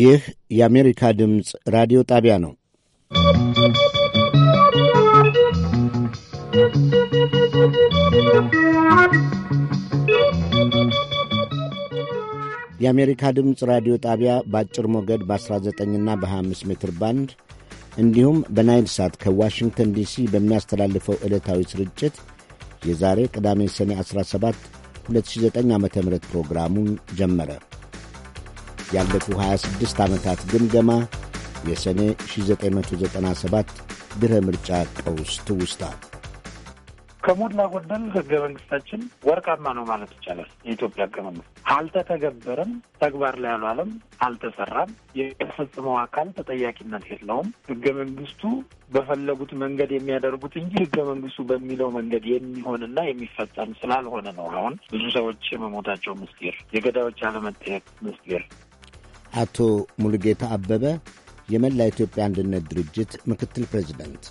ይህ የአሜሪካ ድምፅ ራዲዮ ጣቢያ ነው። የአሜሪካ ድምፅ ራዲዮ ጣቢያ በአጭር ሞገድ በ19ና በ25 ሜትር ባንድ እንዲሁም በናይል ሳት ከዋሽንግተን ዲሲ በሚያስተላልፈው ዕለታዊ ስርጭት የዛሬ ቅዳሜ ሰኔ 17 2009 ዓ ም ፕሮግራሙን ጀመረ። ያለፉ 26 ዓመታት ግምገማ፣ የሰኔ 1997 ድረ ምርጫ ቀውስ ትውስታ ከሞላ ጎደል ህገ መንግስታችን ወርቃማ ነው ማለት ይቻላል። የኢትዮጵያ ህገ መንግስት አልተተገበረም፣ ተግባር ላይ አልዋለም፣ አልተሰራም። የሚፈጽመው አካል ተጠያቂነት የለውም። ህገ መንግስቱ በፈለጉት መንገድ የሚያደርጉት እንጂ ህገ መንግስቱ በሚለው መንገድ የሚሆንና የሚፈጸም ስላልሆነ ነው አሁን ብዙ ሰዎች የመሞታቸው ምስጢር፣ የገዳዮች አለመጠየቅ ምስጢር፣ አቶ ሙሉጌታ አበበ የመላ ኢትዮጵያ አንድነት ድርጅት ምክትል ፕሬዚደንት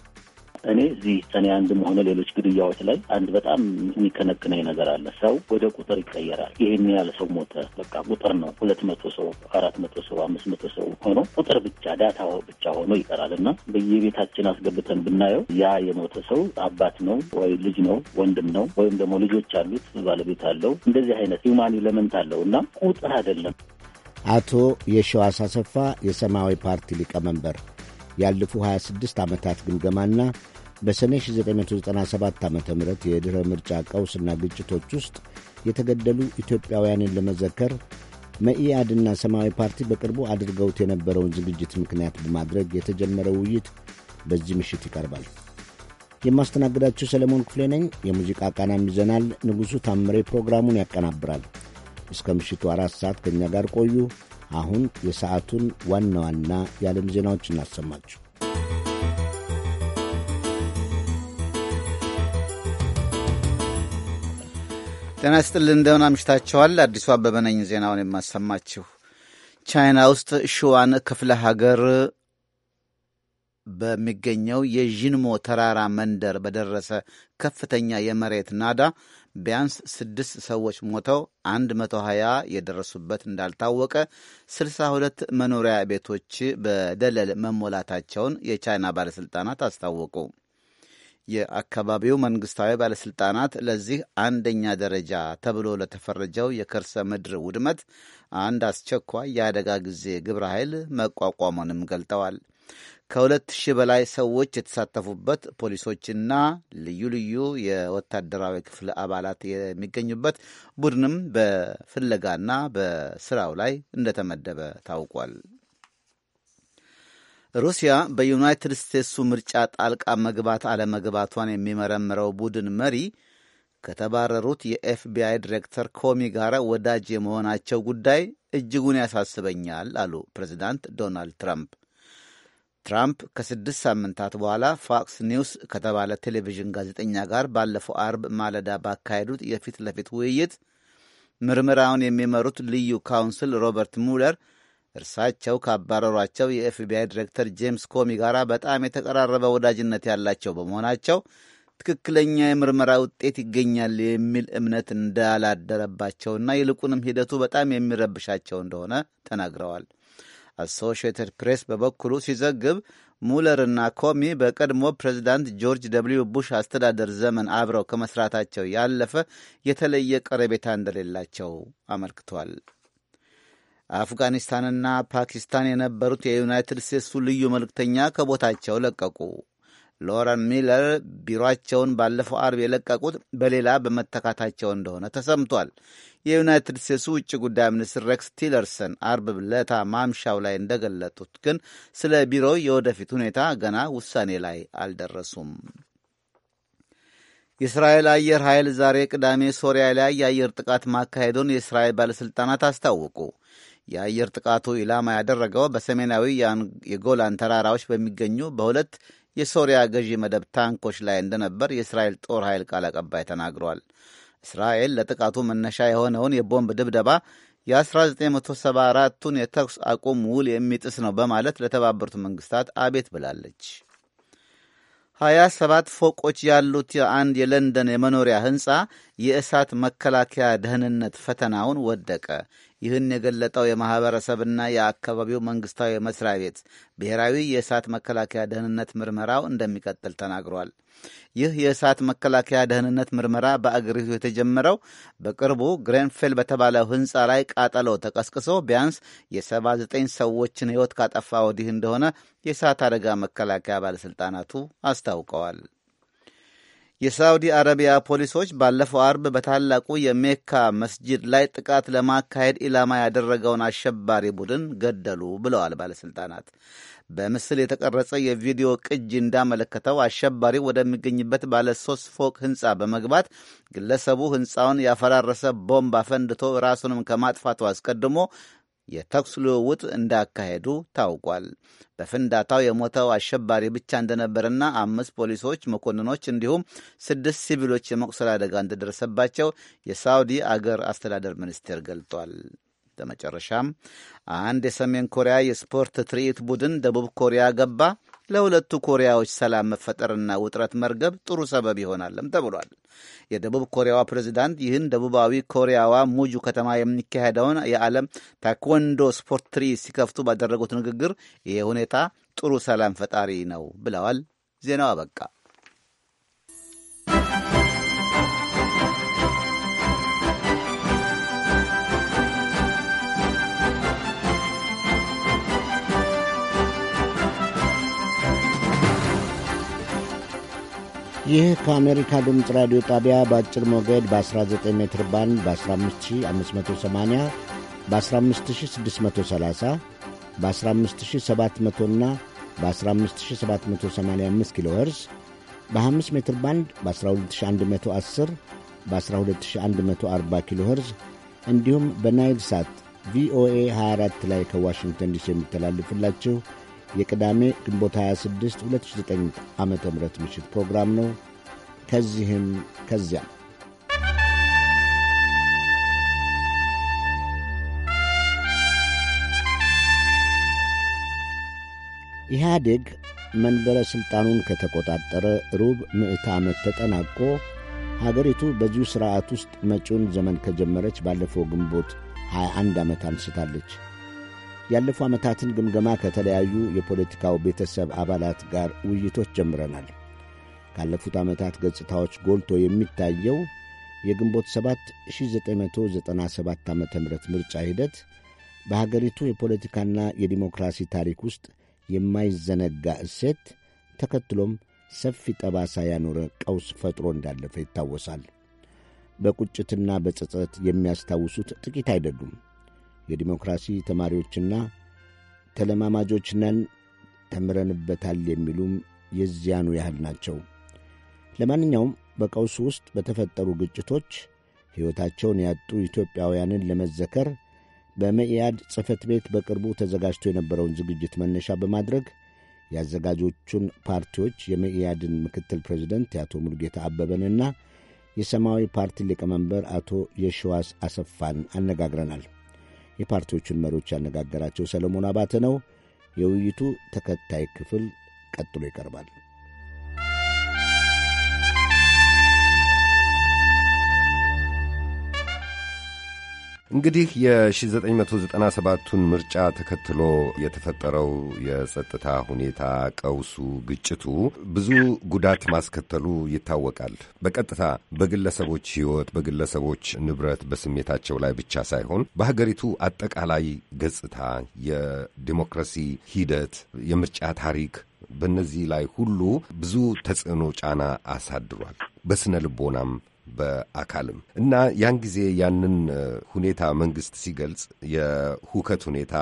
እኔ እዚህ ሰኔ አንድም ሆነ ሌሎች ግድያዎች ላይ አንድ በጣም የሚከነክነኝ ነገር አለ። ሰው ወደ ቁጥር ይቀየራል። ይህን ያለ ሰው ሞተ፣ በቃ ቁጥር ነው። ሁለት መቶ ሰው፣ አራት መቶ ሰው፣ አምስት መቶ ሰው ሆኖ ቁጥር ብቻ ዳታ ብቻ ሆኖ ይቀራል እና በየቤታችን አስገብተን ብናየው ያ የሞተ ሰው አባት ነው ወይ ልጅ ነው ወንድም ነው ወይም ደግሞ ልጆች አሉት ባለቤት አለው እንደዚህ አይነት ሂውማን ኢለመንት አለው እና ቁጥር አይደለም አቶ የሸዋስ አሰፋ የሰማያዊ ፓርቲ ሊቀመንበር ያለፉ 26 ዓመታት ግምገማና በሰኔ 1997 ዓ ም የድኅረ ምርጫ ቀውስና ግጭቶች ውስጥ የተገደሉ ኢትዮጵያውያንን ለመዘከር መኢአድና ሰማያዊ ፓርቲ በቅርቡ አድርገውት የነበረውን ዝግጅት ምክንያት በማድረግ የተጀመረ ውይይት በዚህ ምሽት ይቀርባል። የማስተናግዳችሁ ሰለሞን ክፍሌ ነኝ። የሙዚቃ ቃናም ይዘናል። ንጉሡ ታምሬ ፕሮግራሙን ያቀናብራል። እስከ ምሽቱ አራት ሰዓት ከእኛ ጋር ቆዩ። አሁን የሰዓቱን ዋና ዋና የዓለም ዜናዎች እናሰማችሁ። ጤና ይስጥልን እንደምን አምሽታችኋል። አዲሱ አበበ ነኝ ዜናውን የማሰማችሁ። ቻይና ውስጥ ሽዋን ክፍለ ሀገር በሚገኘው የዥንሞ ተራራ መንደር በደረሰ ከፍተኛ የመሬት ናዳ ቢያንስ ስድስት ሰዎች ሞተው 120 የደረሱበት እንዳልታወቀ 62 መኖሪያ ቤቶች በደለል መሞላታቸውን የቻይና ባለሥልጣናት አስታወቁ። የአካባቢው መንግሥታዊ ባለሥልጣናት ለዚህ አንደኛ ደረጃ ተብሎ ለተፈረጀው የከርሰ ምድር ውድመት አንድ አስቸኳይ የአደጋ ጊዜ ግብረ ኃይል መቋቋሙንም ገልጠዋል። ከሁለት ሺህ በላይ ሰዎች የተሳተፉበት ፖሊሶችና ልዩ ልዩ የወታደራዊ ክፍል አባላት የሚገኙበት ቡድንም በፍለጋና በስራው ላይ እንደተመደበ ታውቋል። ሩሲያ በዩናይትድ ስቴትሱ ምርጫ ጣልቃ መግባት አለመግባቷን የሚመረምረው ቡድን መሪ ከተባረሩት የኤፍቢአይ ዲሬክተር ኮሚ ጋር ወዳጅ የመሆናቸው ጉዳይ እጅጉን ያሳስበኛል አሉ ፕሬዚዳንት ዶናልድ ትራምፕ። ትራምፕ ከስድስት ሳምንታት በኋላ ፎክስ ኒውስ ከተባለ ቴሌቪዥን ጋዜጠኛ ጋር ባለፈው አርብ ማለዳ ባካሄዱት የፊት ለፊት ውይይት ምርመራውን የሚመሩት ልዩ ካውንስል ሮበርት ሙለር እርሳቸው ካባረሯቸው የኤፍቢአይ ዲሬክተር ጄምስ ኮሚ ጋር በጣም የተቀራረበ ወዳጅነት ያላቸው በመሆናቸው ትክክለኛ የምርመራ ውጤት ይገኛል የሚል እምነት እንዳላደረባቸውና ይልቁንም ሂደቱ በጣም የሚረብሻቸው እንደሆነ ተናግረዋል። አሶሽትድ ፕሬስ በበኩሉ ሲዘግብ ሙለርና ኮሚ በቀድሞ ፕሬዚዳንት ጆርጅ ደብልዩ ቡሽ አስተዳደር ዘመን አብረው ከመስራታቸው ያለፈ የተለየ ቀረቤታ እንደሌላቸው አመልክቷል። አፍጋኒስታንና ፓኪስታን የነበሩት የዩናይትድ ስቴትሱ ልዩ መልእክተኛ ከቦታቸው ለቀቁ። ሎረን ሚለር ቢሮአቸውን ባለፈው አርብ የለቀቁት በሌላ በመተካታቸው እንደሆነ ተሰምቷል። የዩናይትድ ስቴትሱ ውጭ ጉዳይ ሚኒስትር ሬክስ ቲለርሰን አርብ ብለታ ማምሻው ላይ እንደገለጡት ግን ስለ ቢሮው የወደፊት ሁኔታ ገና ውሳኔ ላይ አልደረሱም። የእስራኤል አየር ኃይል ዛሬ ቅዳሜ ሶሪያ ላይ የአየር ጥቃት ማካሄዱን የእስራኤል ባለሥልጣናት አስታወቁ። የአየር ጥቃቱ ኢላማ ያደረገው በሰሜናዊ የጎላን ተራራዎች በሚገኙ በሁለት የሶሪያ ገዢ መደብ ታንኮች ላይ እንደነበር የእስራኤል ጦር ኃይል ቃል አቀባይ ተናግሯል። እስራኤል ለጥቃቱ መነሻ የሆነውን የቦምብ ድብደባ የ1974ቱን የተኩስ አቁም ውል የሚጥስ ነው በማለት ለተባበሩት መንግስታት አቤት ብላለች። ሀያ ሰባት ፎቆች ያሉት የአንድ የለንደን የመኖሪያ ሕንፃ የእሳት መከላከያ ደህንነት ፈተናውን ወደቀ። ይህን የገለጠው የማኅበረሰብና የአካባቢው መንግሥታዊ መስሪያ ቤት ብሔራዊ የእሳት መከላከያ ደህንነት ምርመራው እንደሚቀጥል ተናግሯል። ይህ የእሳት መከላከያ ደህንነት ምርመራ በአገሪቱ የተጀመረው በቅርቡ ግሬንፌል በተባለው ሕንፃ ላይ ቃጠሎ ተቀስቅሶ ቢያንስ የ79 ሰዎችን ሕይወት ካጠፋ ወዲህ እንደሆነ የእሳት አደጋ መከላከያ ባለሥልጣናቱ አስታውቀዋል። የሳውዲ አረቢያ ፖሊሶች ባለፈው አርብ በታላቁ የሜካ መስጂድ ላይ ጥቃት ለማካሄድ ኢላማ ያደረገውን አሸባሪ ቡድን ገደሉ ብለዋል ባለሥልጣናት። በምስል የተቀረጸ የቪዲዮ ቅጂ እንዳመለከተው አሸባሪው ወደሚገኝበት ባለ ሶስት ፎቅ ህንፃ በመግባት ግለሰቡ ህንፃውን ያፈራረሰ ቦምብ አፈንድቶ ራሱንም ከማጥፋቱ አስቀድሞ የተኩስ ልውውጥ እንዳካሄዱ ታውቋል። በፍንዳታው የሞተው አሸባሪ ብቻ እንደነበርና አምስት ፖሊሶች፣ መኮንኖች እንዲሁም ስድስት ሲቪሎች የመቁሰል አደጋ እንደደረሰባቸው የሳውዲ አገር አስተዳደር ሚኒስቴር ገልጧል። በመጨረሻም አንድ የሰሜን ኮሪያ የስፖርት ትርኢት ቡድን ደቡብ ኮሪያ ገባ። ለሁለቱ ኮሪያዎች ሰላም መፈጠርና ውጥረት መርገብ ጥሩ ሰበብ ይሆናልም ተብሏል። የደቡብ ኮሪያዋ ፕሬዚዳንት ይህን ደቡባዊ ኮሪያዋ ሙጁ ከተማ የሚካሄደውን የዓለም ታይኮንዶ ስፖርት ትሪ ሲከፍቱ ባደረጉት ንግግር ይህ ሁኔታ ጥሩ ሰላም ፈጣሪ ነው ብለዋል። ዜናው አበቃ። ይህ ከአሜሪካ ድምፅ ራዲዮ ጣቢያ በአጭር ሞገድ በ19 ሜትር ባንድ በ15580 በ15630 በ15700 እና በ15785 ኪሎ ኸርስ በ5 ሜትር ባንድ በ12110 በ12140 ኪሎ እንዲሁም በናይል ሳት ቪኦኤ 24 ላይ ከዋሽንግተን ዲሲ የሚተላልፍላችሁ የቅዳሜ ግንቦት 26 2009 ዓ ም ምሽት ፕሮግራም ነው። ከዚህም ከዚያም ኢህአዴግ መንበረ ሥልጣኑን ከተቆጣጠረ ሩብ ምዕተ ዓመት ተጠናቆ ሀገሪቱ በዚሁ ሥርዓት ውስጥ መጪውን ዘመን ከጀመረች ባለፈው ግንቦት 21 ዓመት አንስታለች። ያለፉ ዓመታትን ግምገማ ከተለያዩ የፖለቲካው ቤተሰብ አባላት ጋር ውይይቶች ጀምረናል። ካለፉት ዓመታት ገጽታዎች ጎልቶ የሚታየው የግንቦት 7 1997 ዓ ም ምርጫ ሂደት በሀገሪቱ የፖለቲካና የዲሞክራሲ ታሪክ ውስጥ የማይዘነጋ እሴት ተከትሎም ሰፊ ጠባሳ ያኖረ ቀውስ ፈጥሮ እንዳለፈ ይታወሳል። በቁጭትና በጸጸት የሚያስታውሱት ጥቂት አይደሉም። የዲሞክራሲ ተማሪዎችና ተለማማጆች ነን፣ ተምረንበታል የሚሉም የዚያኑ ያህል ናቸው። ለማንኛውም በቀውሱ ውስጥ በተፈጠሩ ግጭቶች ሕይወታቸውን ያጡ ኢትዮጵያውያንን ለመዘከር በመኢአድ ጽሕፈት ቤት በቅርቡ ተዘጋጅቶ የነበረውን ዝግጅት መነሻ በማድረግ የአዘጋጆቹን ፓርቲዎች የመኢአድን ምክትል ፕሬዚደንት የአቶ ሙልጌታ አበበንና የሰማያዊ ፓርቲ ሊቀመንበር አቶ የሸዋስ አሰፋን አነጋግረናል። የፓርቲዎቹን መሪዎች ያነጋገራቸው ሰለሞን አባተ ነው። የውይይቱ ተከታይ ክፍል ቀጥሎ ይቀርባል። እንግዲህ የ1997ቱን ምርጫ ተከትሎ የተፈጠረው የጸጥታ ሁኔታ፣ ቀውሱ፣ ግጭቱ ብዙ ጉዳት ማስከተሉ ይታወቃል። በቀጥታ በግለሰቦች ሕይወት፣ በግለሰቦች ንብረት፣ በስሜታቸው ላይ ብቻ ሳይሆን በሀገሪቱ አጠቃላይ ገጽታ፣ የዲሞክራሲ ሂደት፣ የምርጫ ታሪክ በእነዚህ ላይ ሁሉ ብዙ ተጽዕኖ ጫና አሳድሯል። በስነ ልቦናም በአካልም እና ያን ጊዜ ያንን ሁኔታ መንግስት ሲገልጽ የሁከት ሁኔታ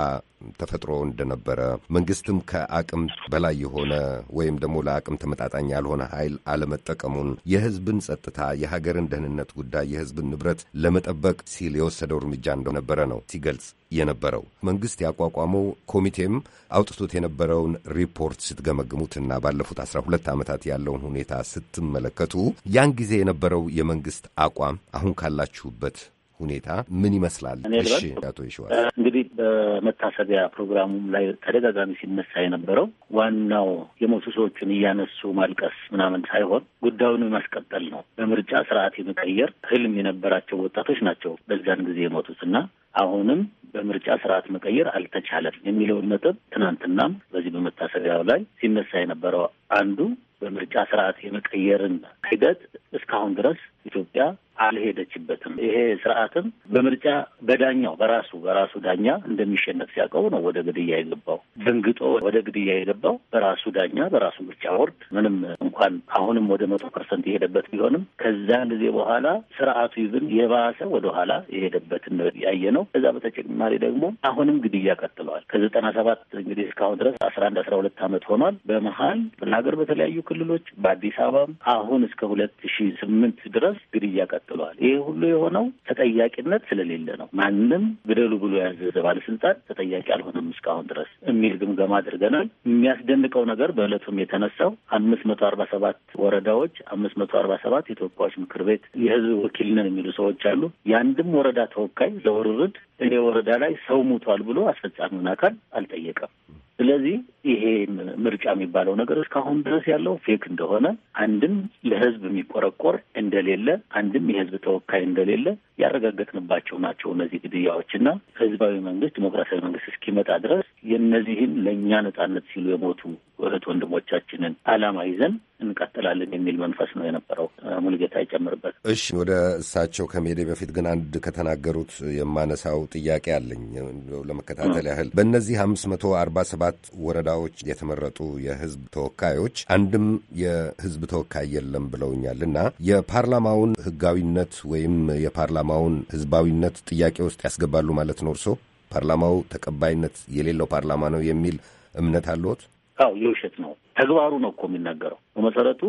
ተፈጥሮ እንደነበረ መንግስትም ከአቅም በላይ የሆነ ወይም ደግሞ ለአቅም ተመጣጣኝ ያልሆነ ኃይል አለመጠቀሙን የህዝብን ጸጥታ፣ የሀገርን ደህንነት ጉዳይ፣ የህዝብን ንብረት ለመጠበቅ ሲል የወሰደው እርምጃ እንደነበረ ነው ሲገልጽ የነበረው። መንግስት ያቋቋመው ኮሚቴም አውጥቶት የነበረውን ሪፖርት ስትገመግሙትና ባለፉት አስራ ሁለት ዓመታት ያለውን ሁኔታ ስትመለከቱ ያን ጊዜ የነበረው የመንግስት አቋም አሁን ካላችሁበት ሁኔታ ምን ይመስላል? እሺ አቶ ይሸዋል እንግዲህ በመታሰቢያ ፕሮግራሙ ላይ ተደጋጋሚ ሲነሳ የነበረው ዋናው የሞቱ ሰዎችን እያነሱ ማልቀስ ምናምን ሳይሆን ጉዳዩን ማስቀጠል ነው። በምርጫ ስርዓት የመቀየር ህልም የነበራቸው ወጣቶች ናቸው በዛን ጊዜ የሞቱት እና አሁንም በምርጫ ስርዓት መቀየር አልተቻለም የሚለውን ነጥብ ትናንትናም በዚህ በመታሰቢያው ላይ ሲነሳ የነበረው አንዱ በምርጫ ስርዓት የመቀየርን ሂደት እስካሁን ድረስ ኢትዮጵያ አልሄደችበትም። ይሄ ስርዓትም በምርጫ በዳኛው በራሱ በራሱ ዳኛ እንደሚሸነፍ ሲያውቀው ነው ወደ ግድያ የገባው። ደንግጦ ወደ ግድያ የገባው በራሱ ዳኛ በራሱ ምርጫ ቦርድ ምንም እንኳን አሁንም ወደ መቶ ፐርሰንት የሄደበት ቢሆንም ከዛን ጊዜ በኋላ ስርዓቱ ይብን የባሰ ወደኋላ የሄደበት ያየ ነው። ከዛ በተጨማሪ ደግሞ አሁንም ግድያ ቀጥለዋል። ከዘጠና ሰባት እንግዲህ እስካሁን ድረስ አስራ አንድ አስራ ሁለት ዓመት ሆኗል። በመሀል በሀገር በተለያዩ ክልሎች በአዲስ አበባም አሁን እስከ ሁለት ሺ ስምንት ድረስ ድረስ ግድያ ቀጥሏል። ይሄ ሁሉ የሆነው ተጠያቂነት ስለሌለ ነው። ማንም ግደሉ ብሎ ያዘዘ ባለስልጣን ተጠያቂ አልሆነም እስካሁን ድረስ የሚል ግምገማ አድርገናል። የሚያስደንቀው ነገር በእለቱም የተነሳው አምስት መቶ አርባ ሰባት ወረዳዎች አምስት መቶ አርባ ሰባት የተወካዮች ምክር ቤት የህዝብ ወኪል ነን የሚሉ ሰዎች አሉ። የአንድም ወረዳ ተወካይ ለውርርድ እኔ ወረዳ ላይ ሰው ሙቷል ብሎ አስፈጻሚውን አካል አልጠየቀም። ስለዚህ ይሄ ምርጫ የሚባለው ነገር እስካሁን ድረስ ያለው ፌክ እንደሆነ አንድም ለህዝብ የሚቆረቆር እንደሌለ እንደሌለ አንድም የህዝብ ተወካይ እንደሌለ ያረጋገጥንባቸው ናቸው እነዚህ ግድያዎች ህዝባዊ መንግስት ዲሞክራሲያዊ መንግስት እስኪመጣ ድረስ የእነዚህን ለእኛ ነጻነት ሲሉ የሞቱ እህት ወንድሞቻችንን አላማ ይዘን እንቀጥላለን የሚል መንፈስ ነው የነበረው። ሙልጌታ ይጨምርበት። እሺ፣ ወደ እሳቸው ከመሄዴ በፊት ግን አንድ ከተናገሩት የማነሳው ጥያቄ አለኝ ለመከታተል ያህል በእነዚህ አምስት መቶ አርባ ሰባት ወረዳዎች የተመረጡ የህዝብ ተወካዮች አንድም የህዝብ ተወካይ የለም ብለውኛል እና የፓርላማውን ህጋዊነት ወይም የፓርላማውን ህዝባዊነት ጥያቄ ውስጥ ያስገባሉ ማለት ነው እርሶ? ፓርላማው ተቀባይነት የሌለው ፓርላማ ነው የሚል እምነት አለዎት? አዎ፣ የውሸት ነው ተግባሩ ነው እኮ የሚናገረው። በመሰረቱ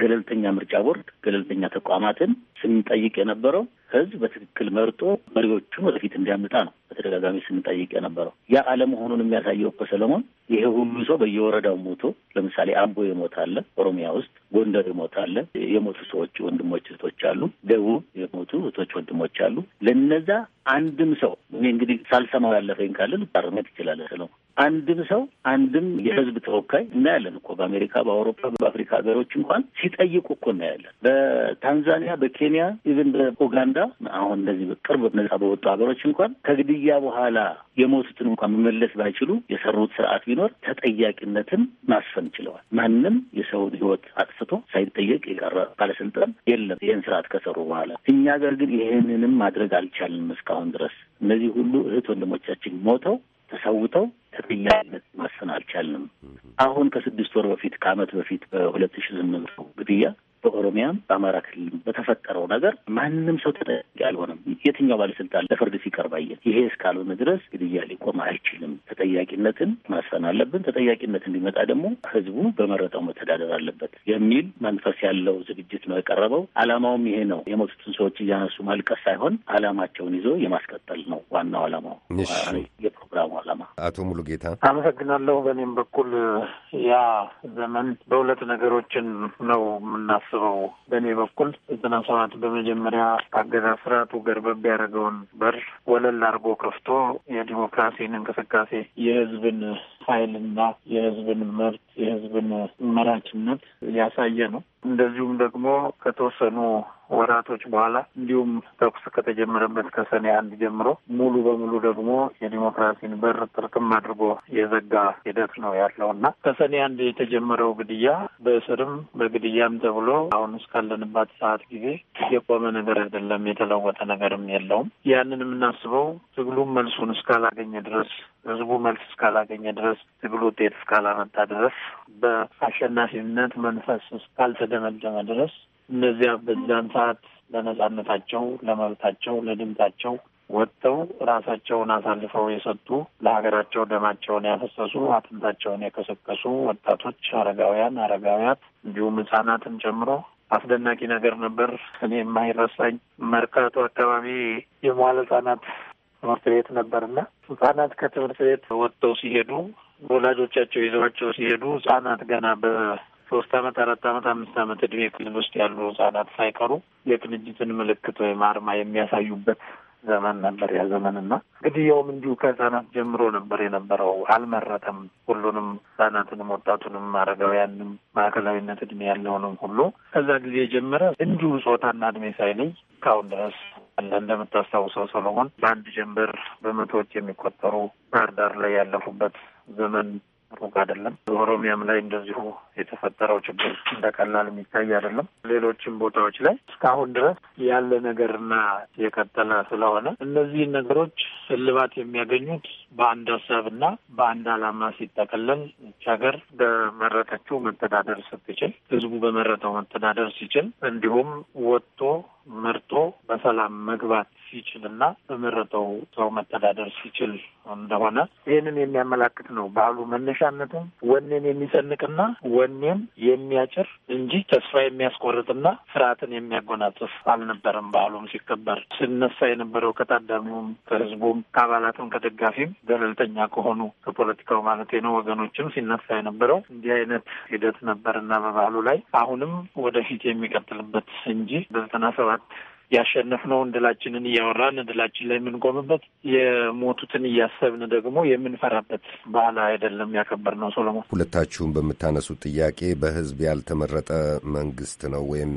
ገለልተኛ ምርጫ ቦርድ፣ ገለልተኛ ተቋማትን ስንጠይቅ የነበረው ህዝብ በትክክል መርጦ መሪዎቹን ወደፊት እንዲያመጣ ነው በተደጋጋሚ ስንጠይቅ የነበረው። ያ አለመሆኑን የሚያሳየው እኮ ሰለሞን፣ ይሄ ሁሉ ሰው በየወረዳው ሞቶ፣ ለምሳሌ አምቦ የሞት አለ፣ ኦሮሚያ ውስጥ ጎንደር የሞት አለ። የሞቱ ሰዎች ወንድሞች እህቶች አሉ። ደቡብ የሞቱ እህቶች ወንድሞች አሉ። ለነዛ አንድም ሰው እኔ እንግዲህ ሳልሰማው ያለፈኝ ካለ ልታርመት ይችላለ ሰለሞን አንድም ሰው አንድም የህዝብ ተወካይ እናያለን እኮ በአሜሪካ፣ በአውሮፓ፣ በአፍሪካ ሀገሮች እንኳን ሲጠይቁ እኮ እናያለን። በታንዛኒያ፣ በኬንያ ኢቭን በኡጋንዳ አሁን እንደዚህ ቅርብ ነጻ በወጡ ሀገሮች እንኳን ከግድያ በኋላ የሞቱትን እንኳን መመለስ ባይችሉ የሰሩት ስርዓት ቢኖር ተጠያቂነትን ማስፈን ችለዋል። ማንም የሰውን ህይወት አጥፍቶ ሳይጠየቅ የቀረ ባለስልጣን የለም ይህን ስርዓት ከሰሩ በኋላ። እኛ ሀገር ግን ይህንንም ማድረግ አልቻልንም እስካሁን ድረስ እነዚህ ሁሉ እህት ወንድሞቻችን ሞተው ተሰውተው ተጠያቂነት ማሰን አልቻልንም። አሁን ከስድስት ወር በፊት ከዓመት በፊት በሁለት ሺ ስምንት ግድያ በኦሮሚያም በአማራ ክልል በተፈጠረው ነገር ማንም ሰው ተጠያቂ አልሆነም። የትኛው ባለስልጣን ለፍርድ ሲቀርብ አየን። ይሄ እስካልሆነ ድረስ ግድያ ሊቆም አይችልም። ተጠያቂነትን ማስፈን አለብን። ተጠያቂነት እንዲመጣ ደግሞ ህዝቡ በመረጠው መተዳደር አለበት የሚል መንፈስ ያለው ዝግጅት ነው የቀረበው። አላማውም ይሄ ነው። የሞቱትን ሰዎች እያነሱ ማልቀስ ሳይሆን አላማቸውን ይዞ የማስቀጠል ነው ዋናው አላማው ፕሮግራሙ ዓላማ። አቶ ሙሉጌታ አመሰግናለሁ። በእኔም በኩል ያ ዘመን በሁለት ነገሮችን ነው የምናስበው። በእኔ በኩል ዘጠና ሰባት በመጀመሪያ አገዛዝ ስርዓቱ ገርበብ ያደረገውን በር ወለል አድርጎ ከፍቶ የዲሞክራሲን እንቅስቃሴ የህዝብን ኃይልና የህዝብን መብት የህዝብን መራችነት ያሳየ ነው። እንደዚሁም ደግሞ ከተወሰኑ ወራቶች በኋላ እንዲሁም ተኩስ ከተጀመረበት ከሰኔ አንድ ጀምሮ ሙሉ በሙሉ ደግሞ የዲሞክራሲን በር ጥርቅም አድርጎ የዘጋ ሂደት ነው ያለው እና ከሰኔ አንድ የተጀመረው ግድያ በእስርም በግድያም ተብሎ አሁን እስካለንባት ሰዓት ጊዜ የቆመ ነገር አይደለም። የተለወጠ ነገርም የለውም። ያንን የምናስበው ትግሉም መልሱን እስካላገኘ ድረስ ህዝቡ መልስ እስካላገኘ ድረስ ትግሉ ውጤት እስካላመጣ ድረስ በአሸናፊነት መንፈስ እስካልተደመደመ ድረስ እነዚያ በዚያን ሰዓት ለነጻነታቸው፣ ለመብታቸው፣ ለድምጻቸው ወጥተው ራሳቸውን አሳልፈው የሰጡ ለሀገራቸው ደማቸውን ያፈሰሱ አጥንታቸውን የከሰከሱ ወጣቶች፣ አረጋውያን፣ አረጋውያት እንዲሁም ህጻናትን ጨምሮ አስደናቂ ነገር ነበር። እኔ የማይረሳኝ መርካቶ አካባቢ የመዋለ ህጻናት ትምህርት ቤት ነበርና ህጻናት ከትምህርት ቤት ወጥተው ሲሄዱ ወላጆቻቸው ይዘዋቸው ሲሄዱ ህጻናት ገና ሶስት አመት አራት አመት አምስት አመት እድሜ ክልል ውስጥ ያሉ ህጻናት ሳይቀሩ የቅንጅትን ምልክት ወይም አርማ የሚያሳዩበት ዘመን ነበር ያ ዘመን እና ግድያውም እንዲሁ ከህጻናት ጀምሮ ነበር የነበረው። አልመረጠም። ሁሉንም ህጻናትንም፣ ወጣቱንም፣ አረጋውያንም ማዕከላዊነት እድሜ ያለውንም ሁሉ ከዛ ጊዜ ጀመረ እንዲሁ ጾታና እድሜ ሳይለይ እስካሁን ድረስ አለ። እንደምታስታውሰው ሰለሞን በአንድ ጀንበር በመቶዎች የሚቆጠሩ ባህር ዳር ላይ ያለፉበት ዘመን ሩቅ አይደለም። ኦሮሚያም ላይ እንደዚሁ የተፈጠረው ችግር እንደቀላል የሚታይ አይደለም። ሌሎችም ቦታዎች ላይ እስካሁን ድረስ ያለ ነገርና የቀጠለ ስለሆነ እነዚህን ነገሮች እልባት የሚያገኙት በአንድ ሀሳብና በአንድ ዓላማ ሲጠቀለል ይች ሀገር በመረጠችው መተዳደር ስትችል፣ ህዝቡ በመረጠው መተዳደር ሲችል፣ እንዲሁም ወጥቶ መርጦ በሰላም መግባት ሲችል እና በመረጠው ሰው መተዳደር ሲችል እንደሆነ ይህንን የሚያመላክት ነው። ባህሉ መነሻነቱም ወኔን የሚሰንቅና ወኔን የሚያጭር እንጂ ተስፋ የሚያስቆርጥና ፍርሃትን የሚያጎናጽፍ አልነበረም። በዓሉም ሲከበር ሲነሳ የነበረው ከታዳሚውም፣ ከህዝቡም፣ ከአባላትም፣ ከደጋፊም ገለልተኛ ከሆኑ ከፖለቲካው ማለት ነው ወገኖችም ሲነሳ የነበረው እንዲህ አይነት ሂደት ነበርና በባህሉ በበዓሉ ላይ አሁንም ወደፊት የሚቀጥልበት እንጂ በዘጠና ሰባት ያሸነፍነውን ድላችንን እያወራን ድላችን ላይ የምንቆምበት የሞቱትን እያሰብን ደግሞ የምንፈራበት ባህል አይደለም ያከበርነው። ሶሎሞን፣ ሁለታችሁም በምታነሱት ጥያቄ በህዝብ ያልተመረጠ መንግስት ነው ወይም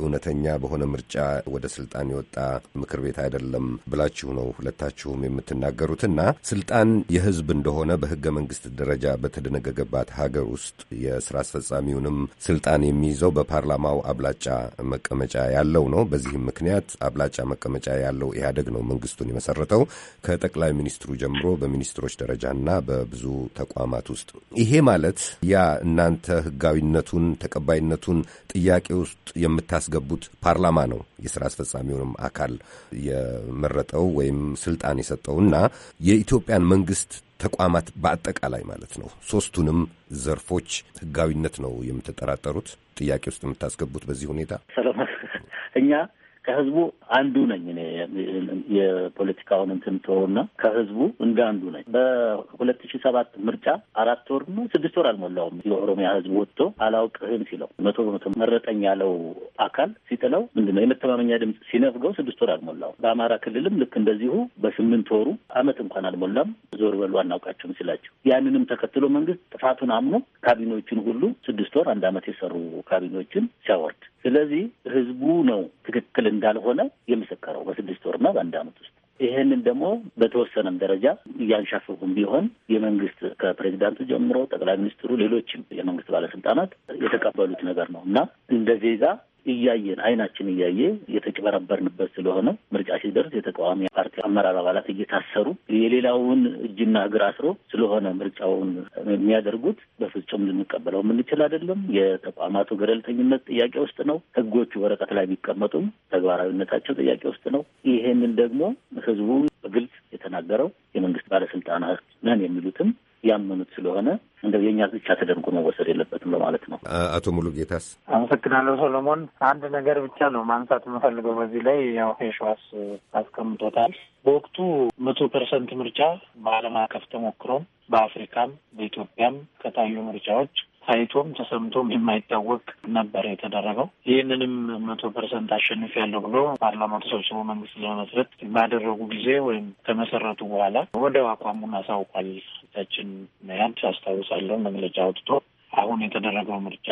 እውነተኛ በሆነ ምርጫ ወደ ስልጣን የወጣ ምክር ቤት አይደለም ብላችሁ ነው ሁለታችሁም የምትናገሩትና ስልጣን የህዝብ እንደሆነ በህገ መንግስት ደረጃ በተደነገገባት ሀገር ውስጥ የስራ አስፈጻሚውንም ስልጣን የሚይዘው በፓርላማው አብላጫ መቀመጫ ያለው ነው። በዚህም ምክንያት ምክንያት አብላጫ መቀመጫ ያለው ኢህአደግ ነው መንግስቱን የመሰረተው ከጠቅላይ ሚኒስትሩ ጀምሮ በሚኒስትሮች ደረጃና በብዙ ተቋማት ውስጥ። ይሄ ማለት ያ እናንተ ህጋዊነቱን ተቀባይነቱን ጥያቄ ውስጥ የምታስገቡት ፓርላማ ነው የስራ አስፈጻሚውንም አካል የመረጠው ወይም ስልጣን የሰጠው እና የኢትዮጵያን መንግስት ተቋማት በአጠቃላይ ማለት ነው። ሶስቱንም ዘርፎች ህጋዊነት ነው የምትጠራጠሩት ጥያቄ ውስጥ የምታስገቡት በዚህ ሁኔታ ሰለሞን፣ እኛ ከህዝቡ አንዱ ነኝ እኔ የፖለቲካውን እንትን ተወውና ከህዝቡ እንደ አንዱ ነኝ። በሁለት ሺ ሰባት ምርጫ አራት ወር ነው ስድስት ወር አልሞላውም የኦሮሚያ ህዝብ ወጥቶ አላውቅህም ሲለው መቶ በመቶ መረጠኝ ያለው አካል ሲጥለው ምንድነው የመተማመኛ ድምፅ ሲነፍገው ስድስት ወር አልሞላውም። በአማራ ክልልም ልክ እንደዚሁ በስምንት ወሩ አመት እንኳን አልሞላም ዞር በሉ አናውቃቸውም ሲላቸው ያንንም ተከትሎ መንግስት ጥፋቱን አምኖ ካቢኔዎችን ሁሉ ስድስት ወር አንድ አመት የሰሩ ካቢኖችን ሲያወርድ ስለዚህ ህዝቡ ነው ትክክል እንዳልሆነ የመሰከረው በስድስት ወርና በአንድ ዓመት ውስጥ። ይህንን ደግሞ በተወሰነም ደረጃ እያንሻፈፉም ቢሆን የመንግስት ከፕሬዚዳንቱ ጀምሮ ጠቅላይ ሚኒስትሩ፣ ሌሎችም የመንግስት ባለስልጣናት የተቀበሉት ነገር ነው እና እንደ ዜጋ እያየን አይናችን እያየ የተጭበረበርንበት ስለሆነ ምርጫ ሲደርስ የተቃዋሚ ፓርቲ አመራር አባላት እየታሰሩ የሌላውን እጅና እግር አስሮ ስለሆነ ምርጫውን የሚያደርጉት በፍጹም ልንቀበለው የምንችል አይደለም። የተቋማቱ ገለልተኝነት ጥያቄ ውስጥ ነው። ህጎቹ ወረቀት ላይ ቢቀመጡም ተግባራዊነታቸው ጥያቄ ውስጥ ነው። ይህንን ደግሞ ህዝቡ በግልጽ የተናገረው የመንግስት ባለስልጣናት ነን የሚሉትም ያመኑት ስለሆነ እንደ የእኛ ብቻ ተደርጎ መወሰድ የለበትም በማለት ነው። አቶ ጌታስ አመሰግናለሁ። ሶሎሞን፣ አንድ ነገር ብቻ ነው ማንሳት የምፈልገው በዚህ ላይ ያው ሄሸዋስ አስቀምጦታል። በወቅቱ መቶ ፐርሰንት ምርጫ በዓለም አቀፍ ተሞክሮም በአፍሪካም በኢትዮጵያም ከታዩ ምርጫዎች ታይቶም ተሰምቶም የማይታወቅ ነበር የተደረገው። ይህንንም መቶ ፐርሰንት አሸንፍ ያለው ብሎ ፓርላማው ተሰብስቦ መንግስት ለመመስረት ባደረጉ ጊዜ ወይም ከመሰረቱ በኋላ ወደ አቋሙን አሳውቋል። ታችን ያድ አስታውሳለሁ መግለጫ አውጥቶ አሁን የተደረገው ምርጫ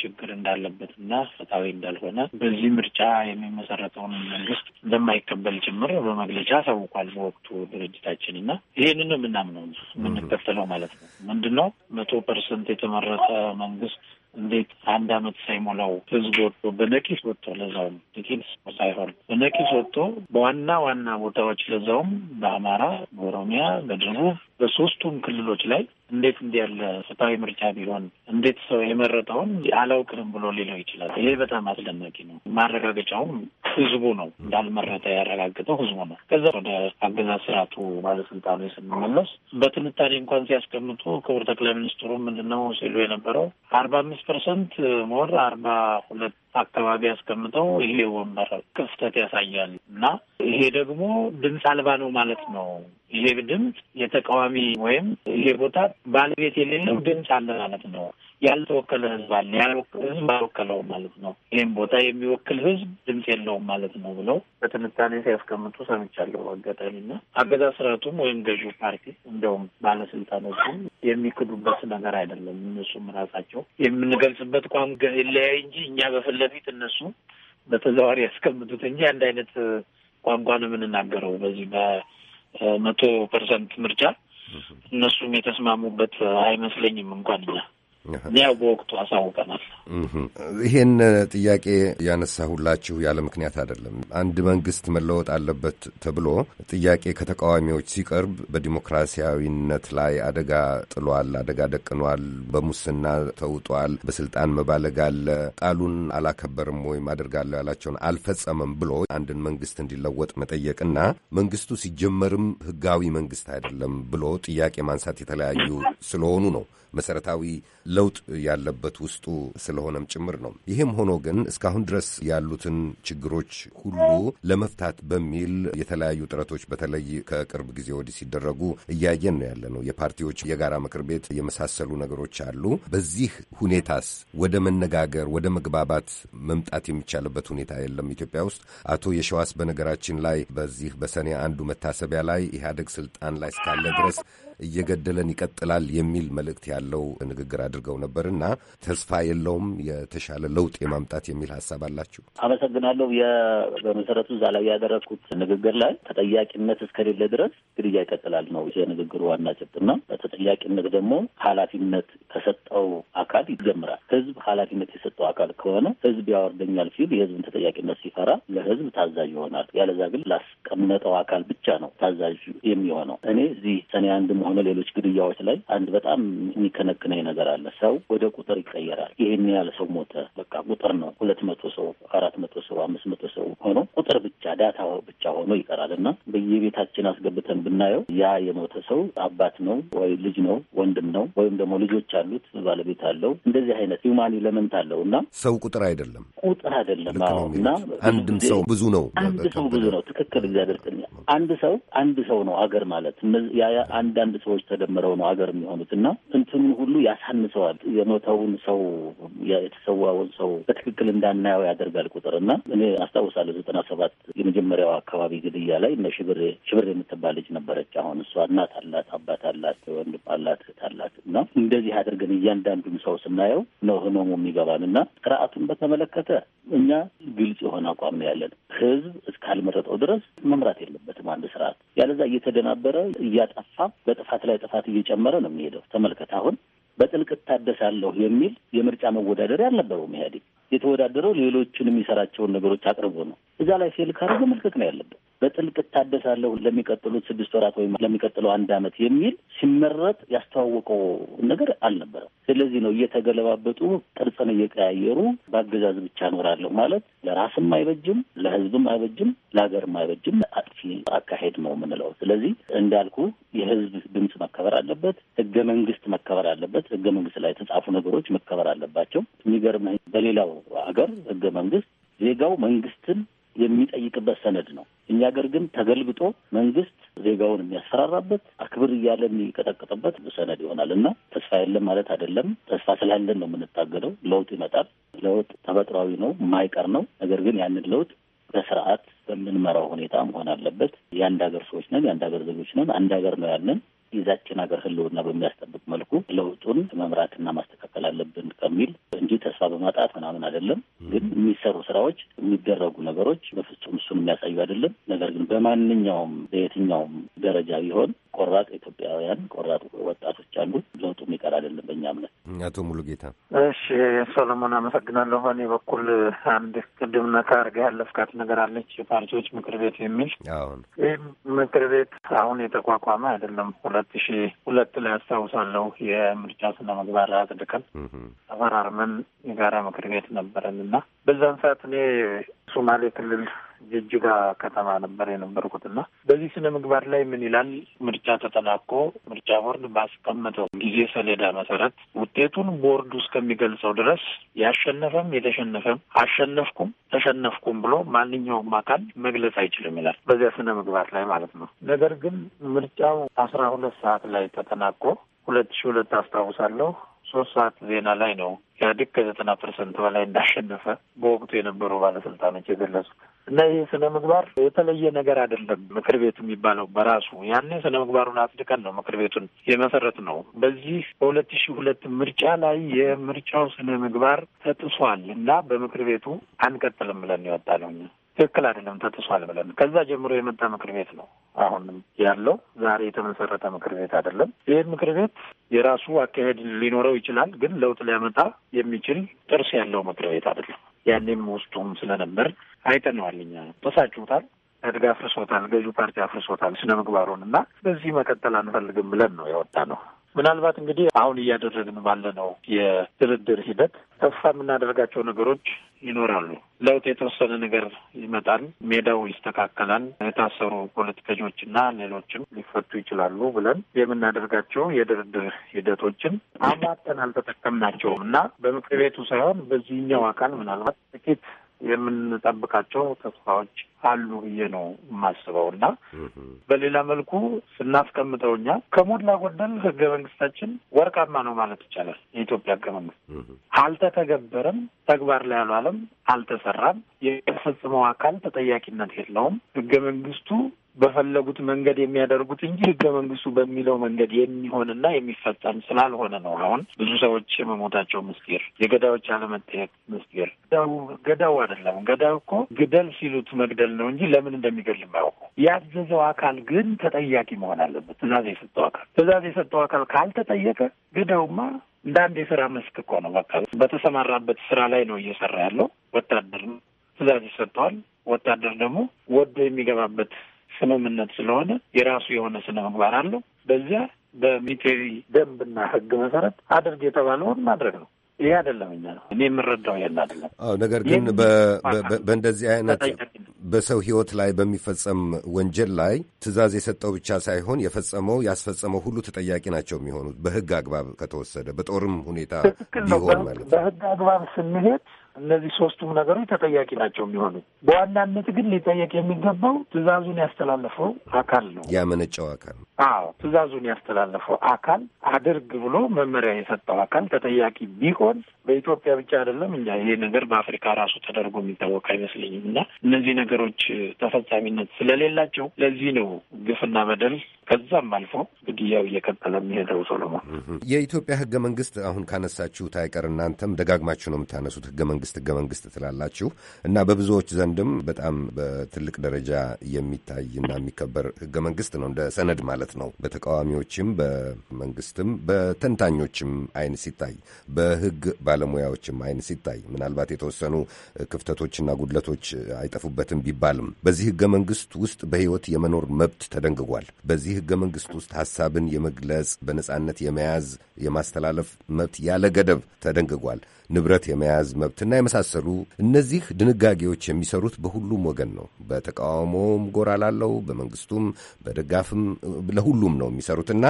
ችግር እንዳለበት እና ፍትሐዊ እንዳልሆነ በዚህ ምርጫ የሚመሰረተውን መንግስት እንደማይቀበል ጭምር በመግለጫ አሳውቋል። በወቅቱ ድርጅታችን እና ይህንን የምናምነው የምንከተለው ማለት ነው። ምንድን ነው መቶ ፐርሰንት የተመረጠ መንግስት እንዴት አንድ አመት ሳይሞላው ህዝብ ወጥቶ በነቂስ ወጥቶ ለዛውም ጥቂት ሳይሆን በነቂስ ወጥቶ በዋና ዋና ቦታዎች ለዛውም በአማራ፣ በኦሮሚያ፣ በደቡብ በሶስቱም ክልሎች ላይ እንዴት እንዲህ ያለ ፍትሐዊ ምርጫ ቢሆን እንዴት ሰው የመረጠውን አላውቅንም ብሎ ሊለው ይችላል? ይሄ በጣም አስደናቂ ነው። ማረጋገጫውም ህዝቡ ነው። እንዳልመረጠ ያረጋግጠው ህዝቡ ነው። ከዛ ወደ አገዛዝ ስርዓቱ ባለስልጣኑ ስንመለስ በትንታኔ እንኳን ሲያስቀምጡ ክቡር ጠቅላይ ሚኒስትሩ ምንድነው ሲሉ የነበረው አርባ አምስት ፐርሰንት ሞር አርባ ሁለት አካባቢ ያስቀምጠው ይሄ ወንበር ክፍተት ያሳያል እና ይሄ ደግሞ ድምፅ አልባ ነው ማለት ነው። ይሄ ድምፅ የተቃዋሚ ወይም ይሄ ቦታ ባለቤት የሌለው ድምፅ አለ ማለት ነው። ያልተወከለ ህዝብ አለ። ያልወከለ ህዝብ አልወከለውም ማለት ነው። ይህም ቦታ የሚወክል ህዝብ ድምፅ የለውም ማለት ነው ብለው በትንታኔ ሲያስቀምጡ ሰምቻለሁ። አጋጣሚና አገዛ ስርዓቱም ወይም ገዢው ፓርቲ እንደውም ባለስልጣኖቹም የሚክዱበት ነገር አይደለም። እነሱም ራሳቸው የምንገልጽበት ቋም ይለያይ እንጂ እኛ በፊት ለፊት እነሱ በተዘዋዋሪ ያስቀምጡት እንጂ አንድ አይነት ቋንቋ ነው የምንናገረው በዚህ በመቶ ፐርሰንት ምርጫ እነሱም የተስማሙበት አይመስለኝም እንኳን እኛ ያው በወቅቱ አሳውቀናል። ይህን ጥያቄ ያነሳሁላችሁ ያለ ምክንያት አይደለም። አንድ መንግስት መለወጥ አለበት ተብሎ ጥያቄ ከተቃዋሚዎች ሲቀርብ በዲሞክራሲያዊነት ላይ አደጋ ጥሏል፣ አደጋ ደቅኗል፣ በሙስና ተውጧል፣ በስልጣን መባለግ አለ፣ ቃሉን አላከበርም ወይም አድርጋለሁ ያላቸውን አልፈጸመም ብሎ አንድን መንግስት እንዲለወጥ መጠየቅና መንግስቱ ሲጀመርም ህጋዊ መንግስት አይደለም ብሎ ጥያቄ ማንሳት የተለያዩ ስለሆኑ ነው። መሰረታዊ ለውጥ ያለበት ውስጡ ስለሆነም ጭምር ነው። ይህም ሆኖ ግን እስካሁን ድረስ ያሉትን ችግሮች ሁሉ ለመፍታት በሚል የተለያዩ ጥረቶች በተለይ ከቅርብ ጊዜ ወዲህ ሲደረጉ እያየን ነው ያለ ነው። የፓርቲዎች የጋራ ምክር ቤት የመሳሰሉ ነገሮች አሉ። በዚህ ሁኔታስ ወደ መነጋገር ወደ መግባባት መምጣት የሚቻልበት ሁኔታ የለም ኢትዮጵያ ውስጥ። አቶ የሸዋስ በነገራችን ላይ በዚህ በሰኔ አንዱ መታሰቢያ ላይ ኢህአደግ ስልጣን ላይ እስካለ ድረስ እየገደለን ይቀጥላል የሚል መልእክት ያለው ንግግር አድርገው ነበርና ተስፋ የለውም የተሻለ ለውጥ የማምጣት የሚል ሀሳብ አላችሁ? አመሰግናለሁ። በመሰረቱ እዛ ላይ ያደረግኩት ንግግር ላይ ተጠያቂነት እስከሌለ ድረስ ግድያ ይቀጥላል ነው የንግግሩ ዋና ጭብጥና ተጠያቂነት ደግሞ ኃላፊነት ከሰጠው አካል ይጀምራል። ህዝብ ኃላፊነት የሰጠው አካል ከሆነ ህዝብ ያወርደኛል ሲል የህዝብን ተጠያቂነት ሲፈራ ለህዝብ ታዛዥ ይሆናል። ያለዛ ግን ላስቀመጠው አካል ብቻ ነው ታዛዥ የሚሆነው። እኔ እዚህ ሰኔ አንድ መሆን ሆነ ሌሎች ግድያዎች ላይ አንድ በጣም የሚከነክነኝ ነገር አለ። ሰው ወደ ቁጥር ይቀየራል። ይህን ያህል ሰው ሞተ፣ በቃ ቁጥር ነው። ሁለት መቶ ሰው፣ አራት መቶ ሰው፣ አምስት መቶ ሰው ሆኖ ቁጥር ብቻ ዳታ ብቻ ሆኖ ይቀራል እና በየቤታችን አስገብተን ብናየው ያ የሞተ ሰው አባት ነው ወይ ልጅ ነው ወንድም ነው ወይም ደግሞ ልጆች አሉት ባለቤት አለው እንደዚህ አይነት ሂውማን ኤለመንት አለው እና ሰው ቁጥር አይደለም ቁጥር አይደለም እና አንድም ሰው ብዙ ነው አንድ ሰው ብዙ ነው ትክክል እግዚአብሔር አንድ ሰው አንድ ሰው ነው ሀገር ማለት አንዳንድ ሰዎች ተደምረው ነው ሀገር የሚሆኑት እና እንትኑን ሁሉ ያሳንሰዋል። የሞተውን ሰው የተሰዋውን ሰው በትክክል እንዳናየው ያደርጋል ቁጥር እና እኔ አስታውሳለሁ ዘጠና ሰባት የመጀመሪያው አካባቢ ግድያ ላይ እነ ሽብሬ ሽብሬ የምትባል ልጅ ነበረች። አሁን እሷ እናት አላት፣ አባት አላት፣ ወንድም አላት፣ እህት አላት እና እንደዚህ አድርገን እያንዳንዱን ሰው ስናየው ነው ህመሙ የሚገባን እና ስርዓቱን በተመለከተ እኛ ግልጽ የሆነ አቋም ነው ያለን። ህዝብ እስካልመረጠው ድረስ መምራት የለበትም አንድ ስርዓት ያለዛ እየተደናበረ እያጠፋ በጥፋት ላይ ጥፋት እየጨመረ ነው የሚሄደው። ተመልከት አሁን በጥልቅ እታደሳለሁ የሚል የምርጫ መወዳደሪያ አልነበረውም ኢህአዴግ። የተወዳደረው ሌሎቹን የሚሰራቸውን ነገሮች አቅርቦ ነው። እዛ ላይ ፌል ካረገ መልቀቅ ነው ያለበት። በጥልቅ እታደሳለሁ ለሚቀጥሉት ስድስት ወራት ወይም ለሚቀጥለው አንድ አመት የሚል ሲመረጥ ያስተዋወቀው ነገር አልነበረም። ስለዚህ ነው እየተገለባበጡ ቅርጽን እየቀያየሩ በአገዛዝ ብቻ እኖራለሁ ማለት ለራስም አይበጅም፣ ለህዝብም አይበጅም፣ ለሀገርም አይበጅም አጥፊ አካሄድ ነው የምንለው። ስለዚህ እንዳልኩ የህዝብ ድምፅ መከበር አለበት፣ ህገ መንግስት መከበር አለበት። ህገ መንግስት ላይ የተጻፉ ነገሮች መከበር አለባቸው። የሚገርም በሌላው ሀገር ህገ መንግስት ዜጋው መንግስትን የሚጠይቅበት ሰነድ ነው። እኛ ገር ግን ተገልብጦ መንግስት ዜጋውን የሚያስፈራራበት አክብር እያለ የሚቀጠቅጥበት ሰነድ ይሆናል እና ተስፋ የለም ማለት አይደለም። ተስፋ ስላለን ነው የምንታገለው። ለውጥ ይመጣል። ለውጥ ተፈጥሯዊ ነው፣ የማይቀር ነው። ነገር ግን ያንን ለውጥ በስርዓት በምንመራው ሁኔታ መሆን አለበት። የአንድ ሀገር ሰዎች ነን፣ የአንድ ሀገር ዜጎች ነን። አንድ ሀገር ነው ያለን። ይዛችን ሀገር ህልውና በሚያስጠብቅ መልኩ ለውጡን መምራትና ማስተካከል አለብን ከሚል እንጂ ተስፋ በማጣት ምናምን አይደለም። ግን የሚሰሩ ስራዎች፣ የሚደረጉ ነገሮች በፍጹም እሱን የሚያሳዩ አይደለም። ነገር ግን በማንኛውም በየትኛውም ደረጃ ቢሆን ቆራጥ ኢትዮጵያውያን ቆራጥ ወጣቶች አሉ። ለውጡ የሚቀር አይደለም በእኛ እምነት። አቶ ሙሉጌታ እሺ፣ ሰሎሞን አመሰግናለሁ። በእኔ በኩል አንድ ቅድም ነካ ያለፍካት ነገር አለች፣ የፓርቲዎች ምክር ቤት የሚል አሁን ይህ ምክር ቤት አሁን የተቋቋመ አይደለም። ሁለት ሺ ሁለት ላይ አስታውሳለሁ የምርጫ ስነ ምግባር አጽድቀን ተፈራርመን የጋራ ምክር ቤት ነበረን እና በዛን ሰዓት እኔ ሶማሌ ክልል ጅጅጋ ከተማ ነበር የነበርኩት እና በዚህ ስነ ምግባር ላይ ምን ይላል? ምርጫ ተጠናቆ ምርጫ ቦርድ ባስቀመጠው ጊዜ ሰሌዳ መሰረት ውጤቱን ቦርዱ እስከሚገልጸው ድረስ ያሸነፈም የተሸነፈም አሸነፍኩም ተሸነፍኩም ብሎ ማንኛውም አካል መግለጽ አይችልም ይላል በዚያ ስነ ምግባር ላይ ማለት ነው። ነገር ግን ምርጫው አስራ ሁለት ሰዓት ላይ ተጠናቆ ሁለት ሺ ሁለት አስታውሳለሁ ሶስት ሰዓት ዜና ላይ ነው ኢህአዴግ ከዘጠና ፐርሰንት በላይ እንዳሸነፈ በወቅቱ የነበሩ ባለስልጣኖች የገለጹት። እና ይህ ስነ ምግባር የተለየ ነገር አይደለም። ምክር ቤት የሚባለው በራሱ ያኔ ስነ ምግባሩን አጽድቀን ነው ምክር ቤቱን የመሰረት ነው። በዚህ በሁለት ሺ ሁለት ምርጫ ላይ የምርጫው ስነ ምግባር ተጥሷል እና በምክር ቤቱ አንቀጥልም ብለን ይወጣ ነው። ትክክል አይደለም፣ ተጥሷል ብለን ከዛ ጀምሮ የመጣ ምክር ቤት ነው አሁንም ያለው። ዛሬ የተመሰረተ ምክር ቤት አይደለም። ይህን ምክር ቤት የራሱ አካሄድ ሊኖረው ይችላል፣ ግን ለውጥ ሊያመጣ የሚችል ጥርስ ያለው ምክር ቤት አይደለም። ያኔም ውስጡም ስለነበር አይተነዋል። እኛ ጥሳችሁታል፣ እድግ አፍርሶታል፣ ገዢ ፓርቲ አፍርሶታል ስነ ምግባሩን እና በዚህ መቀጠል አንፈልግም ብለን ነው የወጣ ነው። ምናልባት እንግዲህ አሁን እያደረግን ባለነው የድርድር ሂደት ተስፋ የምናደርጋቸው ነገሮች ይኖራሉ። ለውጥ የተወሰነ ነገር ይመጣል፣ ሜዳው ይስተካከላል፣ የታሰሩ ፖለቲከኞችና ሌሎችም ሊፈቱ ይችላሉ ብለን የምናደርጋቸው የድርድር ሂደቶችን አሟጠን አልተጠቀምናቸውም እና በምክር ቤቱ ሳይሆን በዚህኛው አካል ምናልባት ጥቂት የምንጠብቃቸው ተስፋዎች አሉ ብዬ ነው የማስበው እና በሌላ መልኩ ስናስቀምጠው እኛ ከሞላ ጎደል ህገ መንግስታችን ወርቃማ ነው ማለት ይቻላል። የኢትዮጵያ ህገ መንግስት አልተተገበረም፣ ተግባር ላይ ያልዋለም፣ አልተሰራም፣ የሚፈጽመው አካል ተጠያቂነት የለውም። ህገ መንግስቱ በፈለጉት መንገድ የሚያደርጉት እንጂ ህገ መንግስቱ በሚለው መንገድ የሚሆንና የሚፈጸም ስላልሆነ ነው። አሁን ብዙ ሰዎች መሞታቸው ምስጢር፣ የገዳዮች አለመጠየቅ ምስጢር። ገዳው ገዳው አይደለም። ገዳው እኮ ግደል ሲሉት መግደል ነው እንጂ ለምን እንደሚገል የማያውቁ። ያዘዘው አካል ግን ተጠያቂ መሆን አለበት። ትእዛዝ የሰጠው አካል ትእዛዝ የሰጠው አካል ካልተጠየቀ ገዳውማ እንደ አንድ የስራ መስክ እኮ ነው። በቃ በተሰማራበት ስራ ላይ ነው እየሰራ ያለው። ወታደር ትእዛዝ ይሰጠዋል። ወታደር ደግሞ ወዶ የሚገባበት ስምምነት ስለሆነ የራሱ የሆነ ስነ ምግባር አለው። በዚያ በሚቴሪ ደንብና ህግ መሰረት አድርግ የተባለውን ማድረግ ነው። ይህ አይደለም እኛ ነው እኔ የምረዳው ያን አይደለም። ነገር ግን በእንደዚህ አይነት በሰው ህይወት ላይ በሚፈጸም ወንጀል ላይ ትዕዛዝ የሰጠው ብቻ ሳይሆን የፈጸመው ያስፈጸመው ሁሉ ተጠያቂ ናቸው የሚሆኑት በህግ አግባብ ከተወሰደ በጦርም ሁኔታ ቢሆን ማለት ነው። በህግ አግባብ ስንሄድ እነዚህ ሶስቱም ነገሮች ተጠያቂ ናቸው የሚሆኑ። በዋናነት ግን ሊጠየቅ የሚገባው ትዕዛዙን ያስተላለፈው አካል ነው፣ ያመነጨው አካል። አዎ ትዕዛዙን ያስተላለፈው አካል አድርግ ብሎ መመሪያ የሰጠው አካል ተጠያቂ ቢሆን በኢትዮጵያ ብቻ አይደለም። እኛ ይሄ ነገር በአፍሪካ ራሱ ተደርጎ የሚታወቅ አይመስለኝም። እና እነዚህ ነገሮች ተፈጻሚነት ስለሌላቸው ለዚህ ነው ግፍና በደል ከዛም አልፎ ግድያው እየቀጠለ የሚሄደው። ሶሎሞን፣ የኢትዮጵያ ህገ መንግስት አሁን ካነሳችሁት አይቀር እናንተም ደጋግማችሁ ነው የምታነሱት ህገ መንግስት መንግስት ህገ መንግስት ትላላችሁ እና በብዙዎች ዘንድም በጣም በትልቅ ደረጃ የሚታይና የሚከበር ህገ መንግስት ነው፣ እንደ ሰነድ ማለት ነው። በተቃዋሚዎችም በመንግስትም በተንታኞችም አይን ሲታይ፣ በህግ ባለሙያዎችም አይን ሲታይ ምናልባት የተወሰኑ ክፍተቶችና ጉድለቶች አይጠፉበትም ቢባልም በዚህ ህገ መንግስት ውስጥ በህይወት የመኖር መብት ተደንግጓል። በዚህ ህገ መንግስት ውስጥ ሀሳብን የመግለጽ በነጻነት የመያዝ የማስተላለፍ መብት ያለ ገደብ ተደንግጓል። ንብረት የመያዝ መብትን እና የመሳሰሉ እነዚህ ድንጋጌዎች የሚሰሩት በሁሉም ወገን ነው። በተቃውሞም ጎራ ላለው፣ በመንግስቱም በደጋፍም ለሁሉም ነው የሚሰሩት እና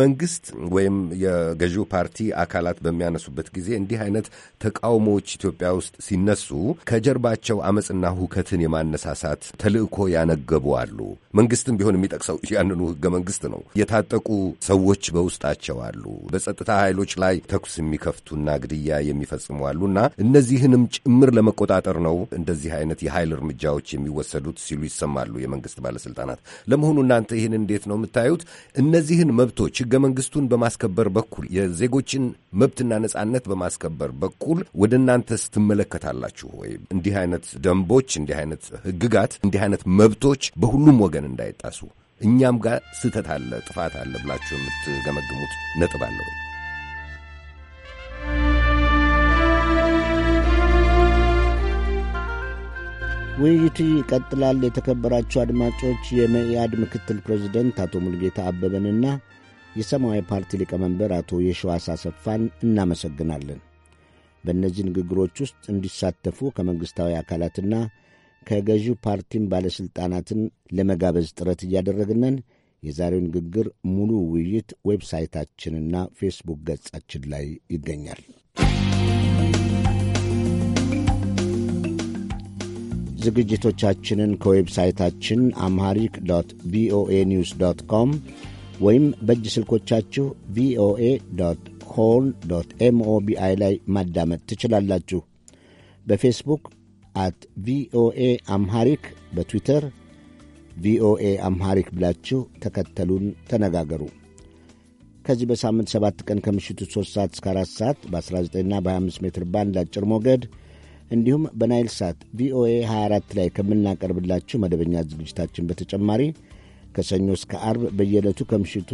መንግስት ወይም የገዢው ፓርቲ አካላት በሚያነሱበት ጊዜ እንዲህ አይነት ተቃውሞዎች ኢትዮጵያ ውስጥ ሲነሱ ከጀርባቸው አመፅና ሁከትን የማነሳሳት ተልዕኮ ያነገቡ አሉ። መንግስትም ቢሆን የሚጠቅሰው ያንኑ ህገ መንግስት ነው። የታጠቁ ሰዎች በውስጣቸው አሉ። በጸጥታ ኃይሎች ላይ ተኩስ የሚከፍቱና ግድያ የሚፈጽሙ አሉና እነዚህ ይህንም ጭምር ለመቆጣጠር ነው እንደዚህ አይነት የኃይል እርምጃዎች የሚወሰዱት ሲሉ ይሰማሉ የመንግስት ባለስልጣናት። ለመሆኑ እናንተ ይህን እንዴት ነው የምታዩት? እነዚህን መብቶች ህገ መንግስቱን በማስከበር በኩል የዜጎችን መብትና ነጻነት በማስከበር በኩል ወደ እናንተስ ትመለከታላችሁ ወይ? እንዲህ አይነት ደንቦች፣ እንዲህ አይነት ህግጋት፣ እንዲህ አይነት መብቶች በሁሉም ወገን እንዳይጣሱ እኛም ጋር ስህተት አለ፣ ጥፋት አለ ብላችሁ የምትገመግሙት ነጥብ አለ ወይ? ውይይቱ ይቀጥላል። የተከበራችሁ አድማጮች የመኢአድ ምክትል ፕሬዚደንት አቶ ሙልጌታ አበበንና የሰማያዊ ፓርቲ ሊቀመንበር አቶ የሸዋስ አሰፋን እናመሰግናለን። በእነዚህ ንግግሮች ውስጥ እንዲሳተፉ ከመንግሥታዊ አካላትና ከገዢው ፓርቲም ባለሥልጣናትን ለመጋበዝ ጥረት እያደረግነን የዛሬው ንግግር ሙሉ ውይይት ዌብሳይታችንና ፌስቡክ ገጻችን ላይ ይገኛል። ዝግጅቶቻችንን ከዌብሳይታችን አምሃሪክ ዶት ቪኦኤ ኒውስ ዶት ኮም ወይም በእጅ ስልኮቻችሁ ቪኦኤ ዶት ሆን ዶት ኤምኦቢአይ ላይ ማዳመጥ ትችላላችሁ። በፌስቡክ አት ቪኦኤ አምሃሪክ፣ በትዊተር ቪኦኤ አምሃሪክ ብላችሁ ተከተሉን፣ ተነጋገሩ። ከዚህ በሳምንት ሰባት ቀን ከምሽቱ 3 ሰዓት እስከ 4 ሰዓት በ19ና በ25 ሜትር ባንድ አጭር ሞገድ እንዲሁም በናይል ሳት ቪኦኤ 24 ላይ ከምናቀርብላችሁ መደበኛ ዝግጅታችን በተጨማሪ ከሰኞ እስከ አርብ በየዕለቱ ከምሽቱ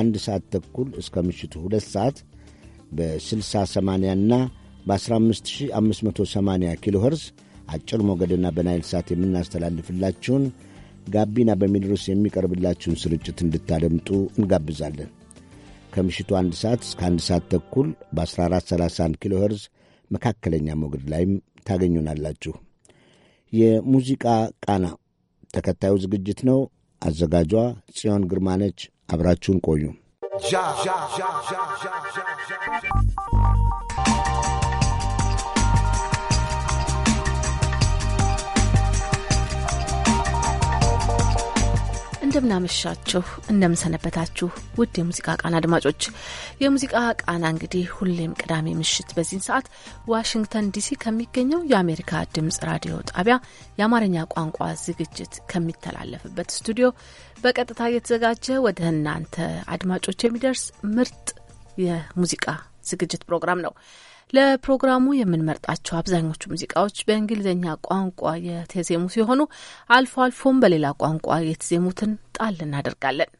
አንድ ሰዓት ተኩል እስከ ምሽቱ ሁለት ሰዓት በ6080 እና በ15580 ኪሎ ኸርዝ አጭር ሞገድና በናይል ሳት የምናስተላልፍላችሁን ጋቢና በሚል ርዕስ የሚቀርብላችሁን ስርጭት እንድታደምጡ እንጋብዛለን። ከምሽቱ አንድ ሰዓት እስከ አንድ ሰዓት ተኩል በ1431 ኪሎ ኸርዝ መካከለኛ ሞገድ ላይም ታገኙናላችሁ። የሙዚቃ ቃና ተከታዩ ዝግጅት ነው። አዘጋጇ ጽዮን ግርማነች። አብራችሁን ቆዩ። እንደምናመሻችሁ፣ እንደምንሰነበታችሁ ውድ የሙዚቃ ቃና አድማጮች። የሙዚቃ ቃና እንግዲህ ሁሌም ቅዳሜ ምሽት በዚህን ሰዓት ዋሽንግተን ዲሲ ከሚገኘው የአሜሪካ ድምፅ ራዲዮ ጣቢያ የአማርኛ ቋንቋ ዝግጅት ከሚተላለፍበት ስቱዲዮ በቀጥታ እየተዘጋጀ ወደ እናንተ አድማጮች የሚደርስ ምርጥ የሙዚቃ ዝግጅት ፕሮግራም ነው። ለፕሮግራሙ የምንመርጣቸው አብዛኞቹ ሙዚቃዎች በእንግሊዝኛ ቋንቋ የተዜሙ ሲሆኑ አልፎ አልፎም በሌላ ቋንቋ የተዜሙትን ጣል እናደርጋለን።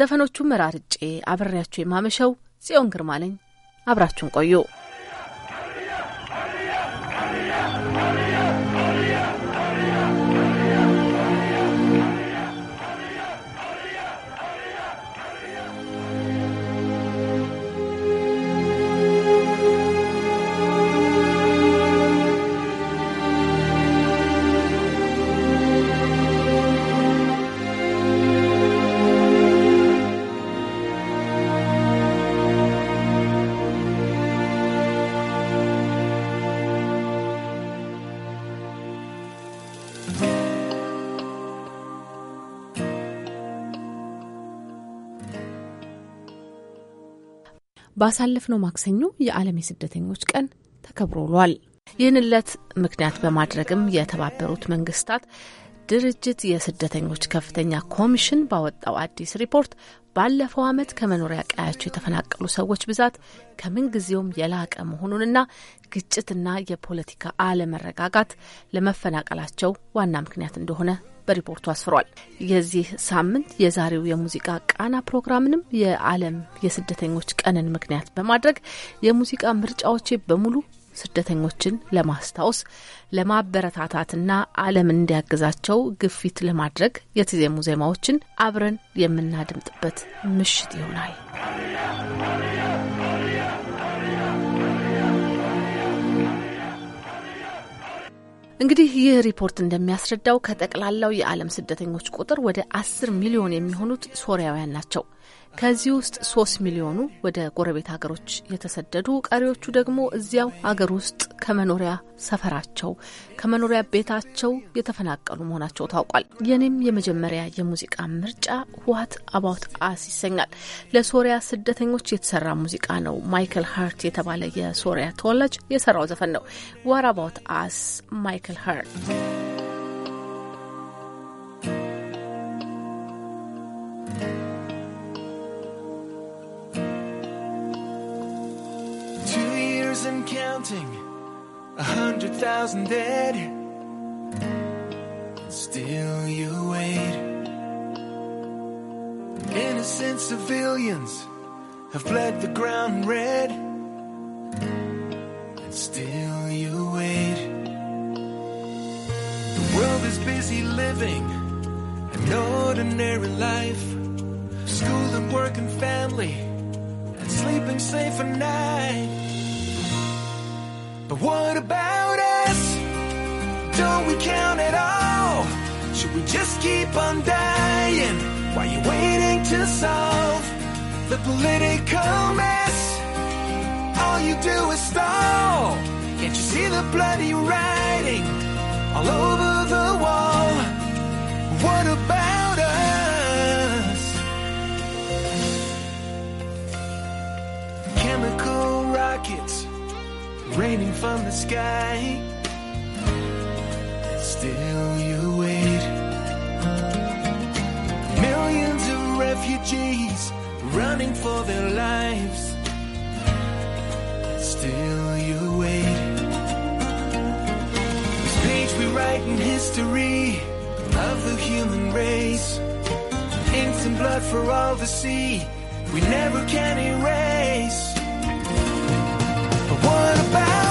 ዘፈኖቹ መራርጬ አብሬያችሁ የማመሸው ጽዮን ግርማ ነኝ። አብራችሁን ቆዩ። ባሳለፍነው ማክሰኞ የዓለም የስደተኞች ቀን ተከብሮ ውሏል። ይህን ዕለት ምክንያት በማድረግም የተባበሩት መንግስታት ድርጅት የስደተኞች ከፍተኛ ኮሚሽን ባወጣው አዲስ ሪፖርት ባለፈው ዓመት ከመኖሪያ ቀያቸው የተፈናቀሉ ሰዎች ብዛት ከምንጊዜውም የላቀ መሆኑንና ግጭትና የፖለቲካ አለመረጋጋት ለመፈናቀላቸው ዋና ምክንያት እንደሆነ በሪፖርቱ አስፍሯል። የዚህ ሳምንት የዛሬው የሙዚቃ ቃና ፕሮግራምንም የዓለም የስደተኞች ቀንን ምክንያት በማድረግ የሙዚቃ ምርጫዎቼ በሙሉ ስደተኞችን ለማስታወስ ለማበረታታትና ዓለም እንዲያግዛቸው ግፊት ለማድረግ የተዜሙ ዜማዎችን አብረን የምናደምጥበት ምሽት ይሆናል። እንግዲህ ይህ ሪፖርት እንደሚያስረዳው ከጠቅላላው የዓለም ስደተኞች ቁጥር ወደ አስር ሚሊዮን የሚሆኑት ሶሪያውያን ናቸው። ከዚህ ውስጥ ሶስት ሚሊዮኑ ወደ ጎረቤት ሀገሮች የተሰደዱ፣ ቀሪዎቹ ደግሞ እዚያው ሀገር ውስጥ ከመኖሪያ ሰፈራቸው ከመኖሪያ ቤታቸው የተፈናቀሉ መሆናቸው ታውቋል። የኔም የመጀመሪያ የሙዚቃ ምርጫ ዋት አባውት አስ ይሰኛል። ለሶሪያ ስደተኞች የተሰራ ሙዚቃ ነው። ማይክል ሀርት የተባለ የሶሪያ ተወላጅ የሰራው ዘፈን ነው። ዋት አባውት አስ ማይክል ሀርት years and counting, a hundred thousand dead. Still you wait. Innocent civilians have bled the ground red. And still you wait. The world is busy living an ordinary life. School and work and family, and sleeping safe at night. But what about us? Don't we count at all? Should we just keep on dying while you're waiting to solve the political mess? All you do is stall. Can't you see the bloody writing all over the wall? What about us? Chemical rockets raining from the sky. And still you wait. Millions of refugees running for their lives. And still you wait. This page we write in history of the human race. ink and blood for all to see. We never can erase what about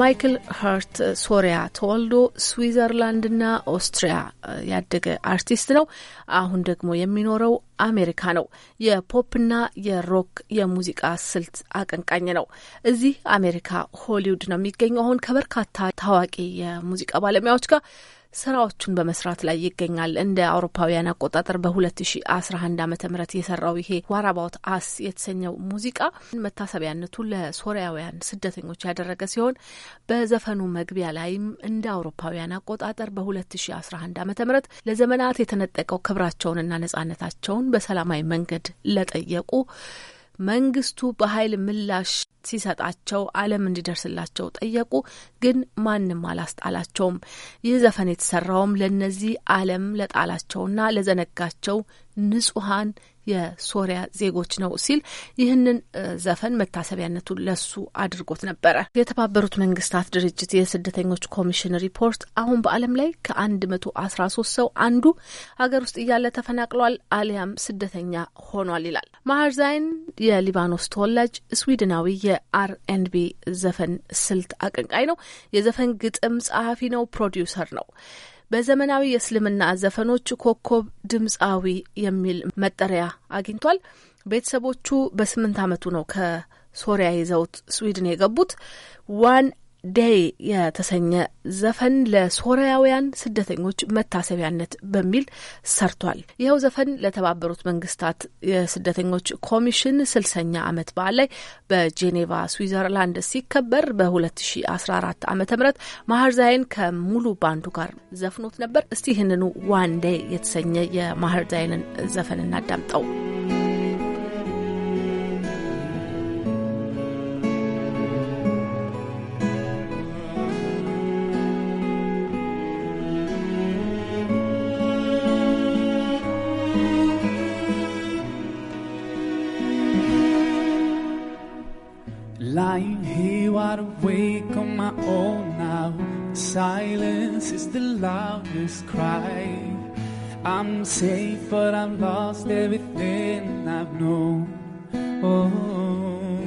ማይክል ሀርት ሶሪያ ተወልዶ ስዊዘርላንድና ኦስትሪያ ያደገ አርቲስት ነው። አሁን ደግሞ የሚኖረው አሜሪካ ነው። የፖፕና የሮክ የሙዚቃ ስልት አቀንቃኝ ነው። እዚህ አሜሪካ ሆሊውድ ነው የሚገኘው። አሁን ከበርካታ ታዋቂ የሙዚቃ ባለሙያዎች ጋር ስራዎቹን በመስራት ላይ ይገኛል። እንደ አውሮፓውያን አቆጣጠር በ2011 ዓ.ም የሰራው ይሄ ዋራባውት አስ የተሰኘው ሙዚቃ መታሰቢያነቱ ለሶሪያውያን ስደተኞች ያደረገ ሲሆን በዘፈኑ መግቢያ ላይም እንደ አውሮፓውያን አቆጣጠር በ2011 ም ለዘመናት የተነጠቀው ክብራቸውንና ነጻነታቸውን በሰላማዊ መንገድ ለጠየቁ መንግስቱ በኃይል ምላሽ ሲሰጣቸው ዓለም እንዲደርስላቸው ጠየቁ። ግን ማንም አላስጣላቸውም። ይህ ዘፈን የተሰራውም ለእነዚህ ዓለም ለጣላቸውና ለዘነጋቸው ንጹሐን የሶሪያ ዜጎች ነው ሲል ይህንን ዘፈን መታሰቢያነቱ ለሱ አድርጎት ነበረ። የተባበሩት መንግስታት ድርጅት የስደተኞች ኮሚሽን ሪፖርት አሁን በዓለም ላይ ከአንድ መቶ አስራ ሶስት ሰው አንዱ ሀገር ውስጥ እያለ ተፈናቅሏል አሊያም ስደተኛ ሆኗል ይላል። ማህርዛይን የሊባኖስ ተወላጅ ስዊድናዊ የአር ኤንድ ቢ ዘፈን ስልት አቀንቃይ ነው። የዘፈን ግጥም ጸሐፊ ነው። ፕሮዲውሰር ነው። በዘመናዊ የእስልምና ዘፈኖች ኮከብ ድምፃዊ የሚል መጠሪያ አግኝቷል። ቤተሰቦቹ በስምንት ዓመቱ ነው ከሶሪያ ይዘውት ስዊድን የገቡት ዋን ዴይ የተሰኘ ዘፈን ለሶሪያውያን ስደተኞች መታሰቢያነት በሚል ሰርቷል። ይኸው ዘፈን ለተባበሩት መንግስታት የስደተኞች ኮሚሽን ስልሰኛ ዓመት በዓል ላይ በጄኔቫ ስዊዘርላንድ ሲከበር በ2014 ዓ ም ማህርዛይን ከሙሉ ባንዱ ጋር ዘፍኖት ነበር። እስቲ ይህንኑ ዋን ደይ የተሰኘ የማህርዛይንን ዘፈን እናዳምጠው። Oh, now. Silence is the loudest cry. I'm safe, but I've lost everything I've known. Oh,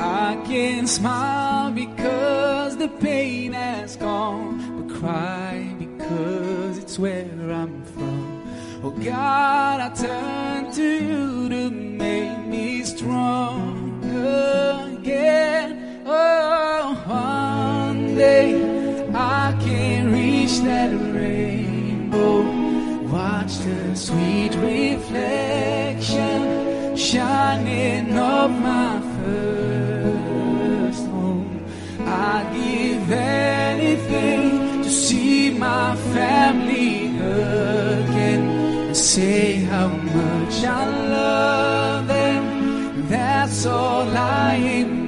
I can smile because the pain has gone, but cry because it's where I'm from. Oh God, I turn to you to make me strong again. Oh someday I can reach that rainbow. Watch the sweet reflection shining up my first home. I'd give anything to see my family again and say how much I love them. That's all I am.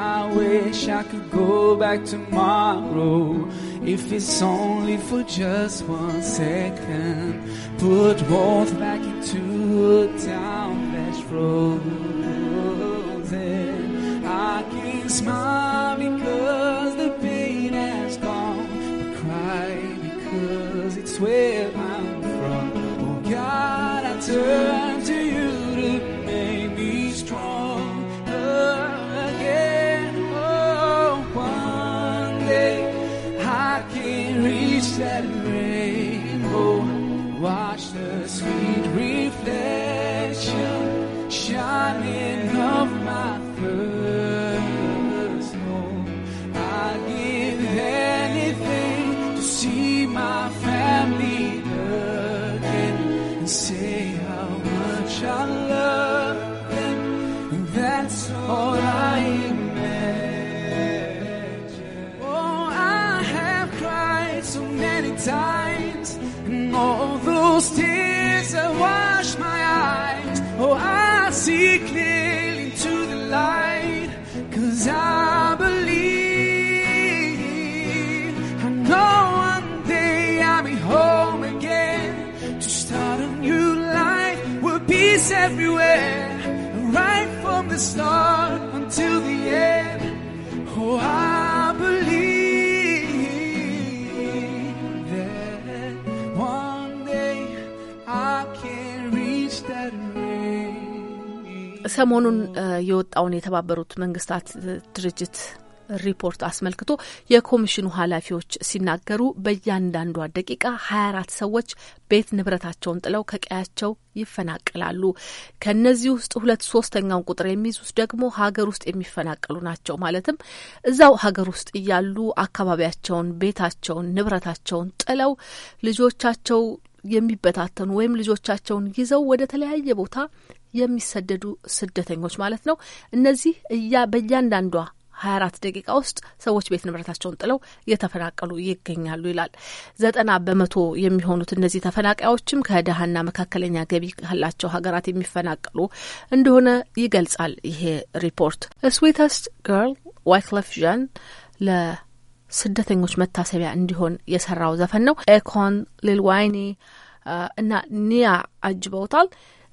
I wish I could go back tomorrow. If it's only for just one second, put both back into a town that's frozen. I can smile because the pain has gone, but cry because it's where I'm from. Oh God, I turn. ሰሞኑን የወጣውን የተባበሩት መንግስታት ድርጅት ሪፖርት አስመልክቶ የኮሚሽኑ ኃላፊዎች ሲናገሩ በእያንዳንዷ ደቂቃ 24 ሰዎች ቤት ንብረታቸውን ጥለው ከቀያቸው ይፈናቀላሉ። ከእነዚህ ውስጥ ሁለት ሶስተኛውን ቁጥር የሚይዙት ደግሞ ሀገር ውስጥ የሚፈናቀሉ ናቸው። ማለትም እዛው ሀገር ውስጥ እያሉ አካባቢያቸውን፣ ቤታቸውን፣ ንብረታቸውን ጥለው ልጆቻቸው የሚበታተኑ ወይም ልጆቻቸውን ይዘው ወደ ተለያየ ቦታ የሚሰደዱ ስደተኞች ማለት ነው። እነዚህ እያ በእያንዳንዷ ሀያ አራት ደቂቃ ውስጥ ሰዎች ቤት ንብረታቸውን ጥለው እየተፈናቀሉ ይገኛሉ ይላል። ዘጠና በመቶ የሚሆኑት እነዚህ ተፈናቃዮችም ከደሀና መካከለኛ ገቢ ካላቸው ሀገራት የሚፈናቀሉ እንደሆነ ይገልጻል ይሄ ሪፖርት። ስዊተስት ገርል ዋይክለፍ ዣን ለስደተኞች መታሰቢያ እንዲሆን የሰራው ዘፈን ነው። ኤኮን ሊልዋይኒ uh, እና ኒያ አጅበውታል።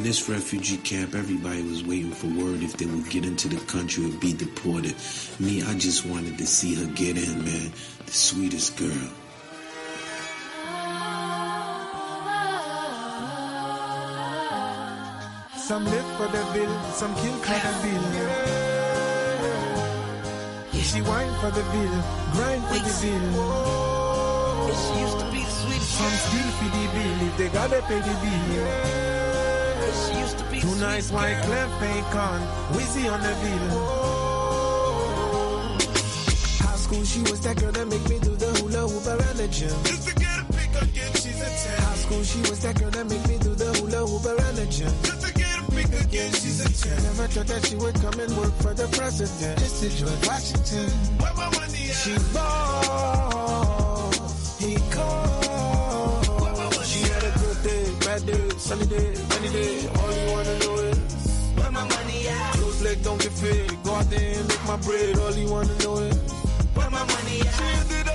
In this refugee camp, everybody was waiting for word if they would get into the country or be deported. Me, I just wanted to see her get in, man. The sweetest girl. Some live for the bill, some kill for the bill. She whine for the bill, grind for the bill. Some steal for the bill if they gotta pay the bill. Two Tonight's White Cliff Bacon, Wizzy on the beat. Oh, High school, she was that girl that make me do the hula hoop around the gym. Just to get a pick on yeah, she's a 10. High school, she was that girl that make me do the hula hoop around the gym. Just to get a pick again, she's a 10. Never thought that she would come and work for the president. Just to George Washington. Where my money at? She ball. fake. Go out there and make my bread, all you wanna know is. Where my money at?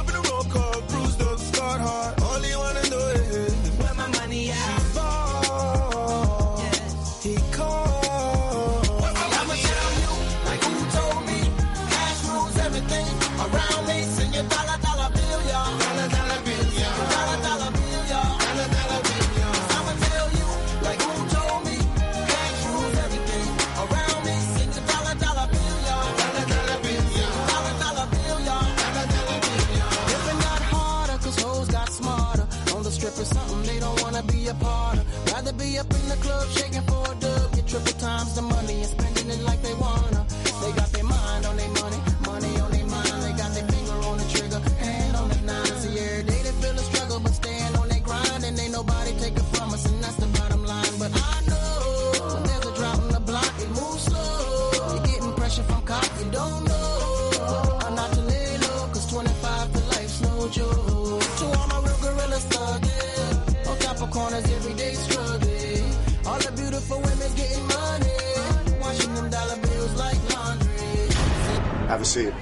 Have a seat.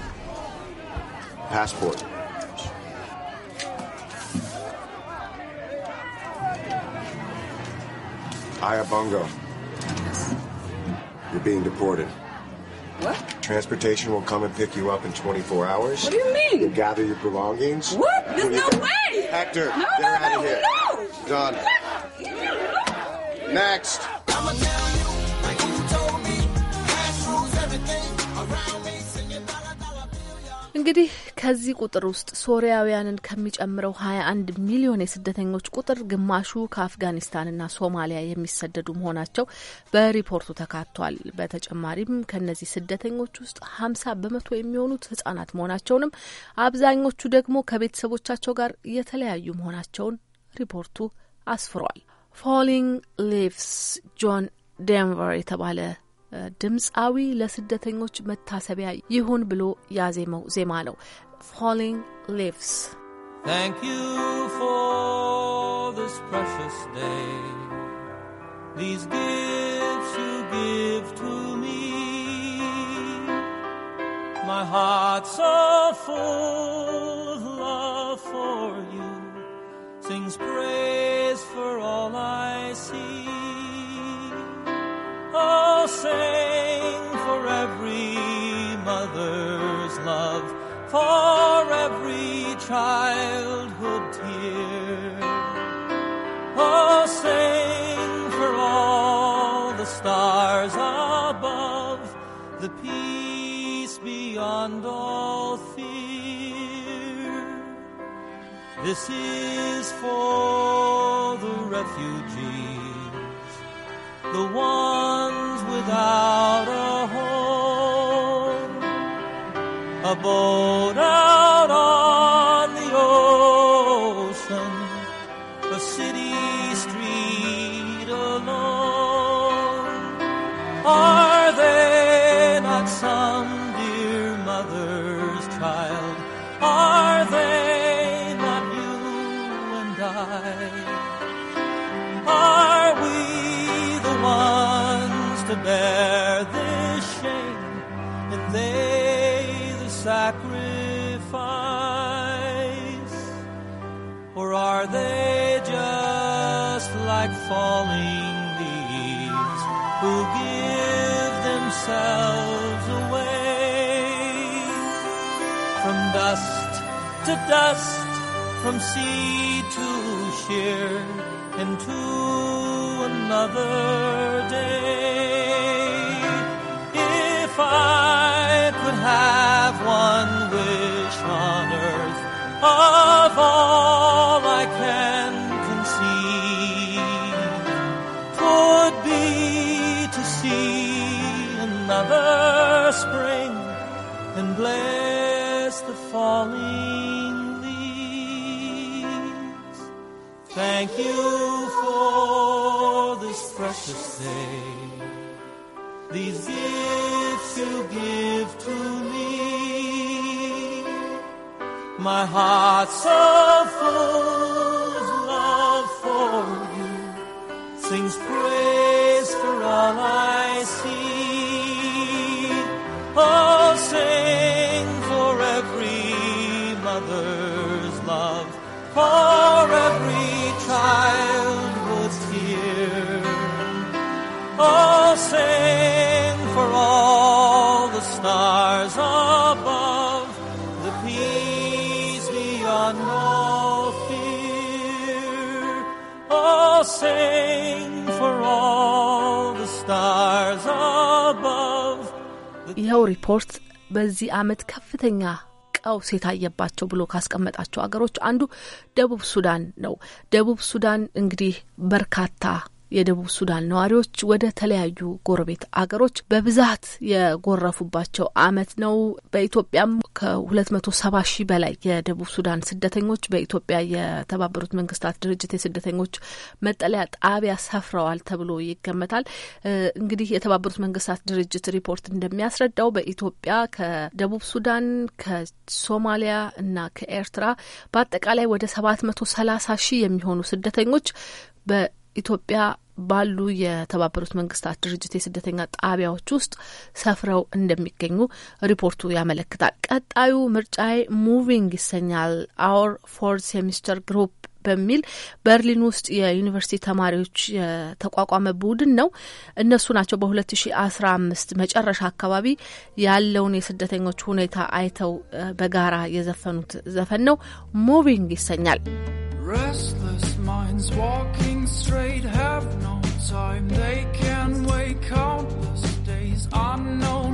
Passport. Ayabongo. You're being deported. What? Transportation will come and pick you up in 24 hours. What do you mean? You'll gather your belongings. What? There's no go- way! Hector, no, get no, out no, of here. No! Done. Next! እንግዲህ ከዚህ ቁጥር ውስጥ ሶሪያውያንን ከሚጨምረው 21 ሚሊዮን የስደተኞች ቁጥር ግማሹ ከአፍጋኒስታንና ሶማሊያ የሚሰደዱ መሆናቸው በሪፖርቱ ተካቷል። በተጨማሪም ከነዚህ ስደተኞች ውስጥ 50 በመቶ የሚሆኑት ህጻናት መሆናቸውንም አብዛኞቹ ደግሞ ከቤተሰቦቻቸው ጋር የተለያዩ መሆናቸውን ሪፖርቱ አስፍሯል። ፎሊንግ ሊቭስ ጆን ዴንቨር የተባለ ድምፃዊ ለስደተኞች መታሰቢያ ይሁን ብሎ ያዜመው ዜማ ነው ፋሊንግ ሊቭስ Thank you for this precious day These gifts you give to me My heart's so full of love for you Sings praise for all I see all sing for every mother's love, for every childhood tear. Oh, sing for all the stars above, the peace beyond all fear. This is for the refugee the ones without a home, abode. bear this shame, and they the sacrifice? Or are they just like falling leaves who give themselves away from dust to dust, from sea to sheer, into another day? If I could have one wish on earth of all I can conceive, would be to see another spring and bless the falling leaves. Thank you for this precious day. These you give to me. My heart's so full of love for you sings praise for all I see. Oh, sing for every mother's love. For ይኸው ሪፖርት በዚህ አመት ከፍተኛ ቀውስ የታየባቸው ብሎ ካስቀመጣቸው ሀገሮች አንዱ ደቡብ ሱዳን ነው። ደቡብ ሱዳን እንግዲህ በርካታ የደቡብ ሱዳን ነዋሪዎች ወደ ተለያዩ ጎረቤት አገሮች በብዛት የጎረፉባቸው አመት ነው። በኢትዮጵያም ከሁለት መቶ ሰባ ሺህ በላይ የደቡብ ሱዳን ስደተኞች በኢትዮጵያ የተባበሩት መንግስታት ድርጅት የስደተኞች መጠለያ ጣቢያ ሰፍረዋል ተብሎ ይገመታል። እንግዲህ የተባበሩት መንግስታት ድርጅት ሪፖርት እንደሚያስረዳው በኢትዮጵያ ከደቡብ ሱዳን፣ ከሶማሊያ እና ከኤርትራ በአጠቃላይ ወደ ሰባት መቶ ሰላሳ ሺህ የሚሆኑ ስደተኞች በኢትዮጵያ ባሉ የተባበሩት መንግስታት ድርጅት የስደተኛ ጣቢያዎች ውስጥ ሰፍረው እንደሚገኙ ሪፖርቱ ያመለክታል። ቀጣዩ ምርጫዬ ሙቪንግ ይሰኛል። አወር ፎር ሴሚስተር ግሩፕ በሚል በርሊን ውስጥ የዩኒቨርሲቲ ተማሪዎች የተቋቋመ ቡድን ነው። እነሱ ናቸው በ2015 መጨረሻ አካባቢ ያለውን የስደተኞች ሁኔታ አይተው በጋራ የዘፈኑት ዘፈን ነው። ሙቪንግ ይሰኛል። Unknown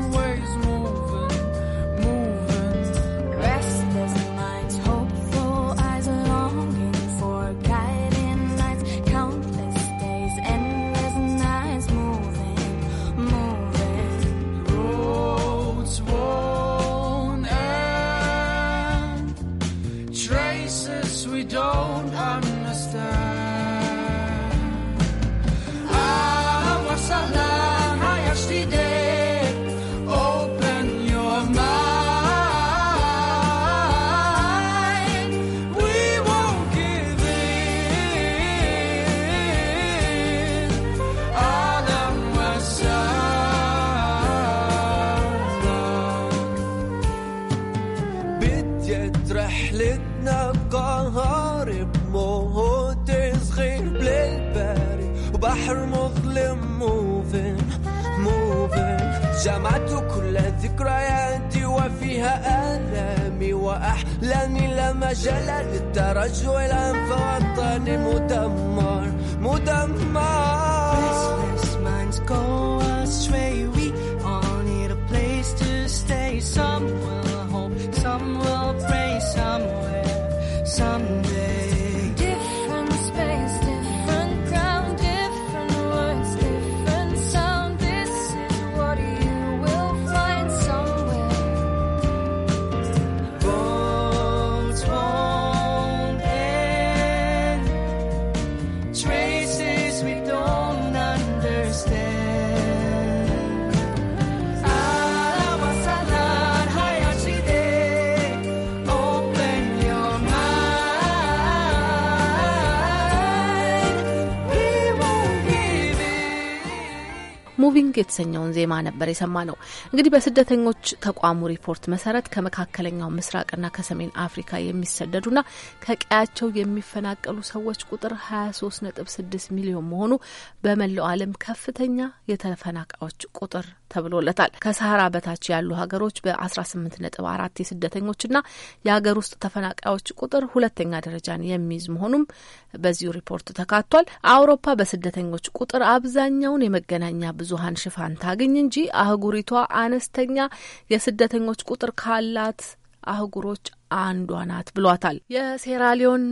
ذكرياتي وفيها آلامي وأحلامي لا مجال للترجل فوطني مدمر مدمر This, place, mine's gone. የተሰኘውን ዜማ ነበር የሰማ ነው። እንግዲህ በስደተኞች ተቋሙ ሪፖርት መሰረት ከመካከለኛው ምስራቅና ከሰሜን አፍሪካ የሚሰደዱና ከቀያቸው የሚፈናቀሉ ሰዎች ቁጥር 23.6 ሚሊዮን መሆኑ በመላው ዓለም ከፍተኛ የተፈናቃዮች ቁጥር ተብሎለታል። ከሰሃራ በታች ያሉ ሀገሮች በ18.4 የስደተኞችና የሀገር ውስጥ ተፈናቃዮች ቁጥር ሁለተኛ ደረጃን የሚይዝ መሆኑም በዚሁ ሪፖርት ተካቷል። አውሮፓ በስደተኞች ቁጥር አብዛኛውን የመገናኛ ብዙሀን ሽፋን ታገኝ እንጂ አህጉሪቷ አነስተኛ የስደተኞች ቁጥር ካላት አህጉሮች አንዷ ናት ብሏታል። የሴራሊዮን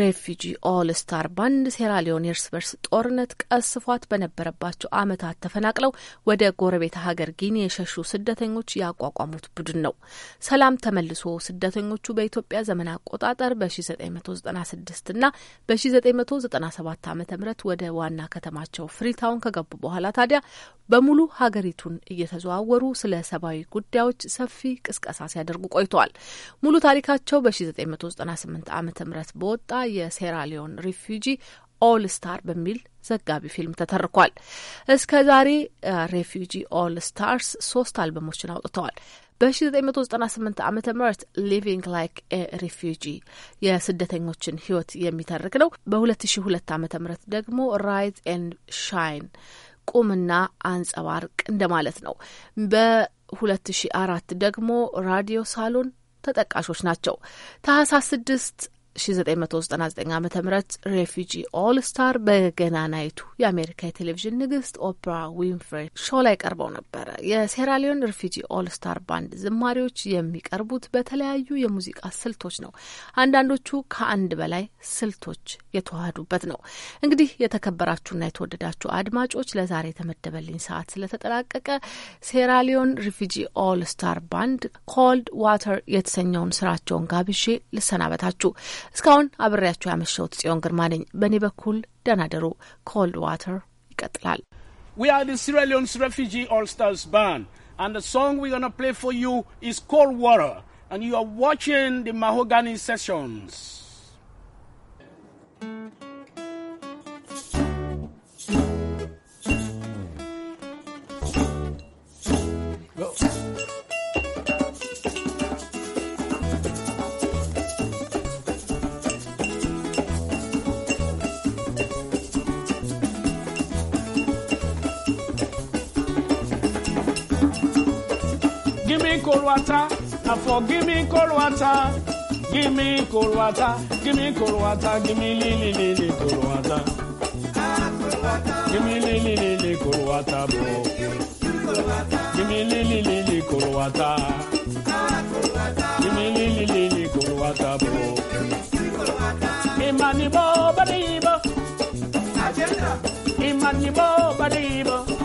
ሬፊጂ ኦል ስታር ባንድ ሴራሊዮን የእርስ በርስ ጦርነት ቀስፏት በነበረባቸው ዓመታት ተፈናቅለው ወደ ጎረቤት ሀገር ጊኒ የሸሹ ስደተኞች ያቋቋሙት ቡድን ነው። ሰላም ተመልሶ ስደተኞቹ በኢትዮጵያ ዘመን አቆጣጠር በ1996 እና በ1997 ዓ ም ወደ ዋና ከተማቸው ፍሪታውን ከገቡ በኋላ ታዲያ በሙሉ ሀገሪቱን እየተዘዋወሩ ስለ ሰብአዊ ጉዳዮች ሰፊ ቅስቀሳ ሲያደርጉ ቆይተዋል። ሙሉ ታሪካቸው በ1998 ዓ ም በወጣ የሴራሊዮን ሪፊጂ ኦል ስታር በሚል ዘጋቢ ፊልም ተተርኳል። እስከ ዛሬ ሬፊጂ ኦል ስታርስ ሶስት አልበሞችን አውጥተዋል። በ1998 ዓ ም ሊቪንግ ላይክ ኤ የስደተኞችን ህይወት የሚተርክ ነው። በ2002 ዓ ም ደግሞ ራይዝ ኤንድ ሻይን ቁምና አንጸባርቅ እንደማለት ነው። በ2004 ደግሞ ራዲዮ ሳሎን ተጠቃሾች ናቸው። ታህሳስ ስድስት 1999 ዓ ም ሬፊጂ ኦል ስታር በገናናይቱ የአሜሪካ የቴሌቪዥን ንግስት ኦፕራ ዊንፍሬ ሾው ላይ ቀርበው ነበረ። የሴራሊዮን ሬፊጂ ኦል ስታር ባንድ ዝማሪዎች የሚቀርቡት በተለያዩ የሙዚቃ ስልቶች ነው። አንዳንዶቹ ከአንድ በላይ ስልቶች የተዋህዱበት ነው። እንግዲህ የተከበራችሁና የተወደዳችሁ አድማጮች ለዛሬ የተመደበልኝ ሰዓት ስለተጠላቀቀ ሴራሊዮን ሪፊጂ ኦል ስታር ባንድ ኮልድ ዋተር የተሰኘውን ስራቸውን ጋብዤ ልሰናበታችሁ። እስካሁን አብሬያችሁ ያመሸሁት ጽዮን ግርማ ነኝ። በእኔ በኩል ኮልድ ዋተር ይቀጥላል። We are the Sierra Leone's Refugee All Stars Band, and the song we're going to play for you is Cold Water, and you are watching the Mahogany Sessions. cold water. Now forgive me cold water. Give me cold water. Give me cold water. Give me lily lily cold water. Give me lily lily cold water, bro. Give me lily lily cold water. Give me lily lily cold water, bro. Imanibo baribo. Imanibo baribo.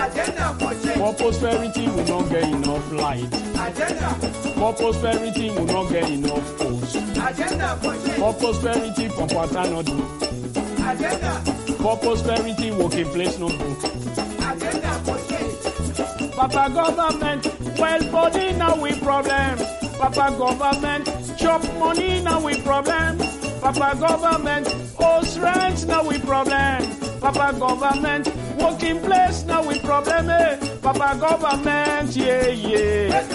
Agenda For change prosperity, we not get enough light. Agenda For prosperity, we not get enough post. For change prosperity, Pompata no Agenda For prosperity, working place no Agenda for change. Papa government, well body now we problem. Papa government, chop money now we problem. Papa government, host rent now we problem. Papa government, working place now with problem, eh? Papa government, yeah, yeah.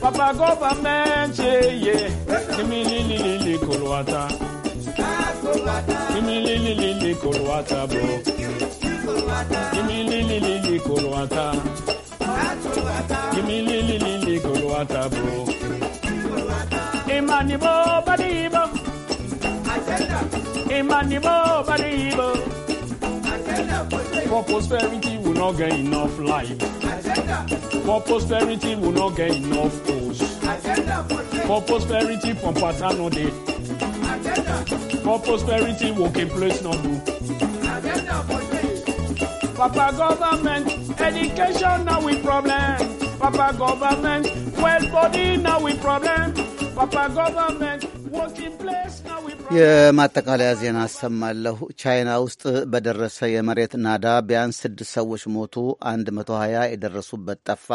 Papa government, yeah, yeah. Give me lili lili cool water. Give me lili lili cool water, bro. Give me lili lili cool water. Give me lili lili cool water, bro. Imani bo badibo. Imani bo badibo. For prosperity will not get enough life. For prosperity will not get enough force. For prosperity from pattern no day. For prosperity working place no do. Papa government, education now we problem. Papa government, well body now we problem. Papa government, working place. የማጠቃለያ ዜና አሰማለሁ። ቻይና ውስጥ በደረሰ የመሬት ናዳ ቢያንስ ስድስት ሰዎች ሞቱ፣ 120 የደረሱበት ጠፋ፣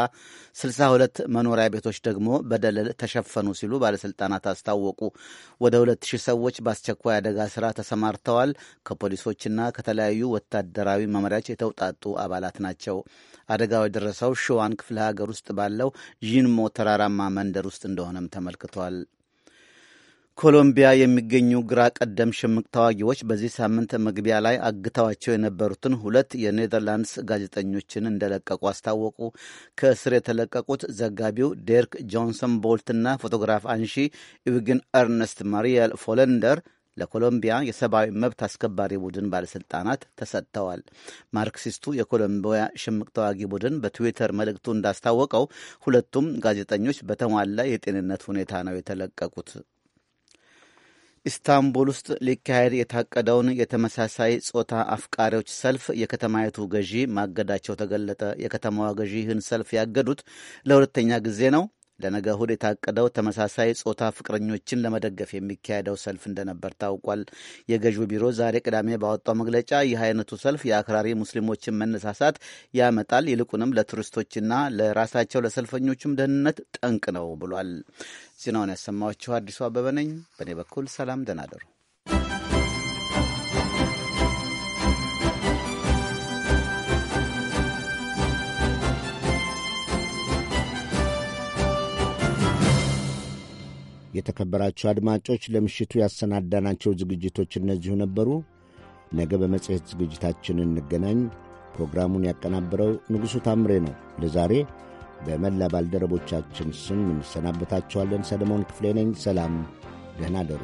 62 መኖሪያ ቤቶች ደግሞ በደለል ተሸፈኑ ሲሉ ባለሥልጣናት አስታወቁ። ወደ 2000 ሰዎች በአስቸኳይ አደጋ ሥራ ተሰማርተዋል። ከፖሊሶችና ከተለያዩ ወታደራዊ መመሪያዎች የተውጣጡ አባላት ናቸው። አደጋው የደረሰው ሽዋን ክፍለ ሀገር ውስጥ ባለው ዢንሞ ተራራማ መንደር ውስጥ እንደሆነም ተመልክቷል። ኮሎምቢያ የሚገኙ ግራ ቀደም ሽምቅ ተዋጊዎች በዚህ ሳምንት መግቢያ ላይ አግተዋቸው የነበሩትን ሁለት የኔዘርላንድስ ጋዜጠኞችን እንደለቀቁ አስታወቁ። ከእስር የተለቀቁት ዘጋቢው ዴርክ ጆንሰን ቦልትና ፎቶግራፍ አንሺ ኢቪግን ኤርነስት ማሪየል ፎለንደር ለኮሎምቢያ የሰብአዊ መብት አስከባሪ ቡድን ባለሥልጣናት ተሰጥተዋል። ማርክሲስቱ የኮሎምቢያ ሽምቅ ተዋጊ ቡድን በትዊተር መልእክቱ እንዳስታወቀው ሁለቱም ጋዜጠኞች በተሟላ የጤንነት ሁኔታ ነው የተለቀቁት። ኢስታንቡል ውስጥ ሊካሄድ የታቀደውን የተመሳሳይ ጾታ አፍቃሪዎች ሰልፍ የከተማይቱ ገዢ ማገዳቸው ተገለጠ። የከተማዋ ገዢ ይህን ሰልፍ ያገዱት ለሁለተኛ ጊዜ ነው። ለነገ እሁድ የታቀደው ተመሳሳይ ጾታ ፍቅረኞችን ለመደገፍ የሚካሄደው ሰልፍ እንደነበር ታውቋል። የገዢው ቢሮ ዛሬ ቅዳሜ ባወጣው መግለጫ ይህ አይነቱ ሰልፍ የአክራሪ ሙስሊሞችን መነሳሳት ያመጣል፣ ይልቁንም ለቱሪስቶችና ለራሳቸው ለሰልፈኞቹም ደህንነት ጠንቅ ነው ብሏል። ዜናውን ያሰማኋችሁ አዲሱ አበበ ነኝ። በእኔ በኩል ሰላም፣ ደህና እደሩ። የተከበራቸው አድማጮች ለምሽቱ ያሰናዳናቸው ዝግጅቶች እነዚሁ ነበሩ። ነገ በመጽሔት ዝግጅታችን እንገናኝ። ፕሮግራሙን ያቀናበረው ንጉሡ ታምሬ ነው። ለዛሬ በመላ ባልደረቦቻችን ስም እንሰናበታችኋለን። ሰለሞን ክፍሌ ነኝ። ሰላም፣ ደህና ደሩ።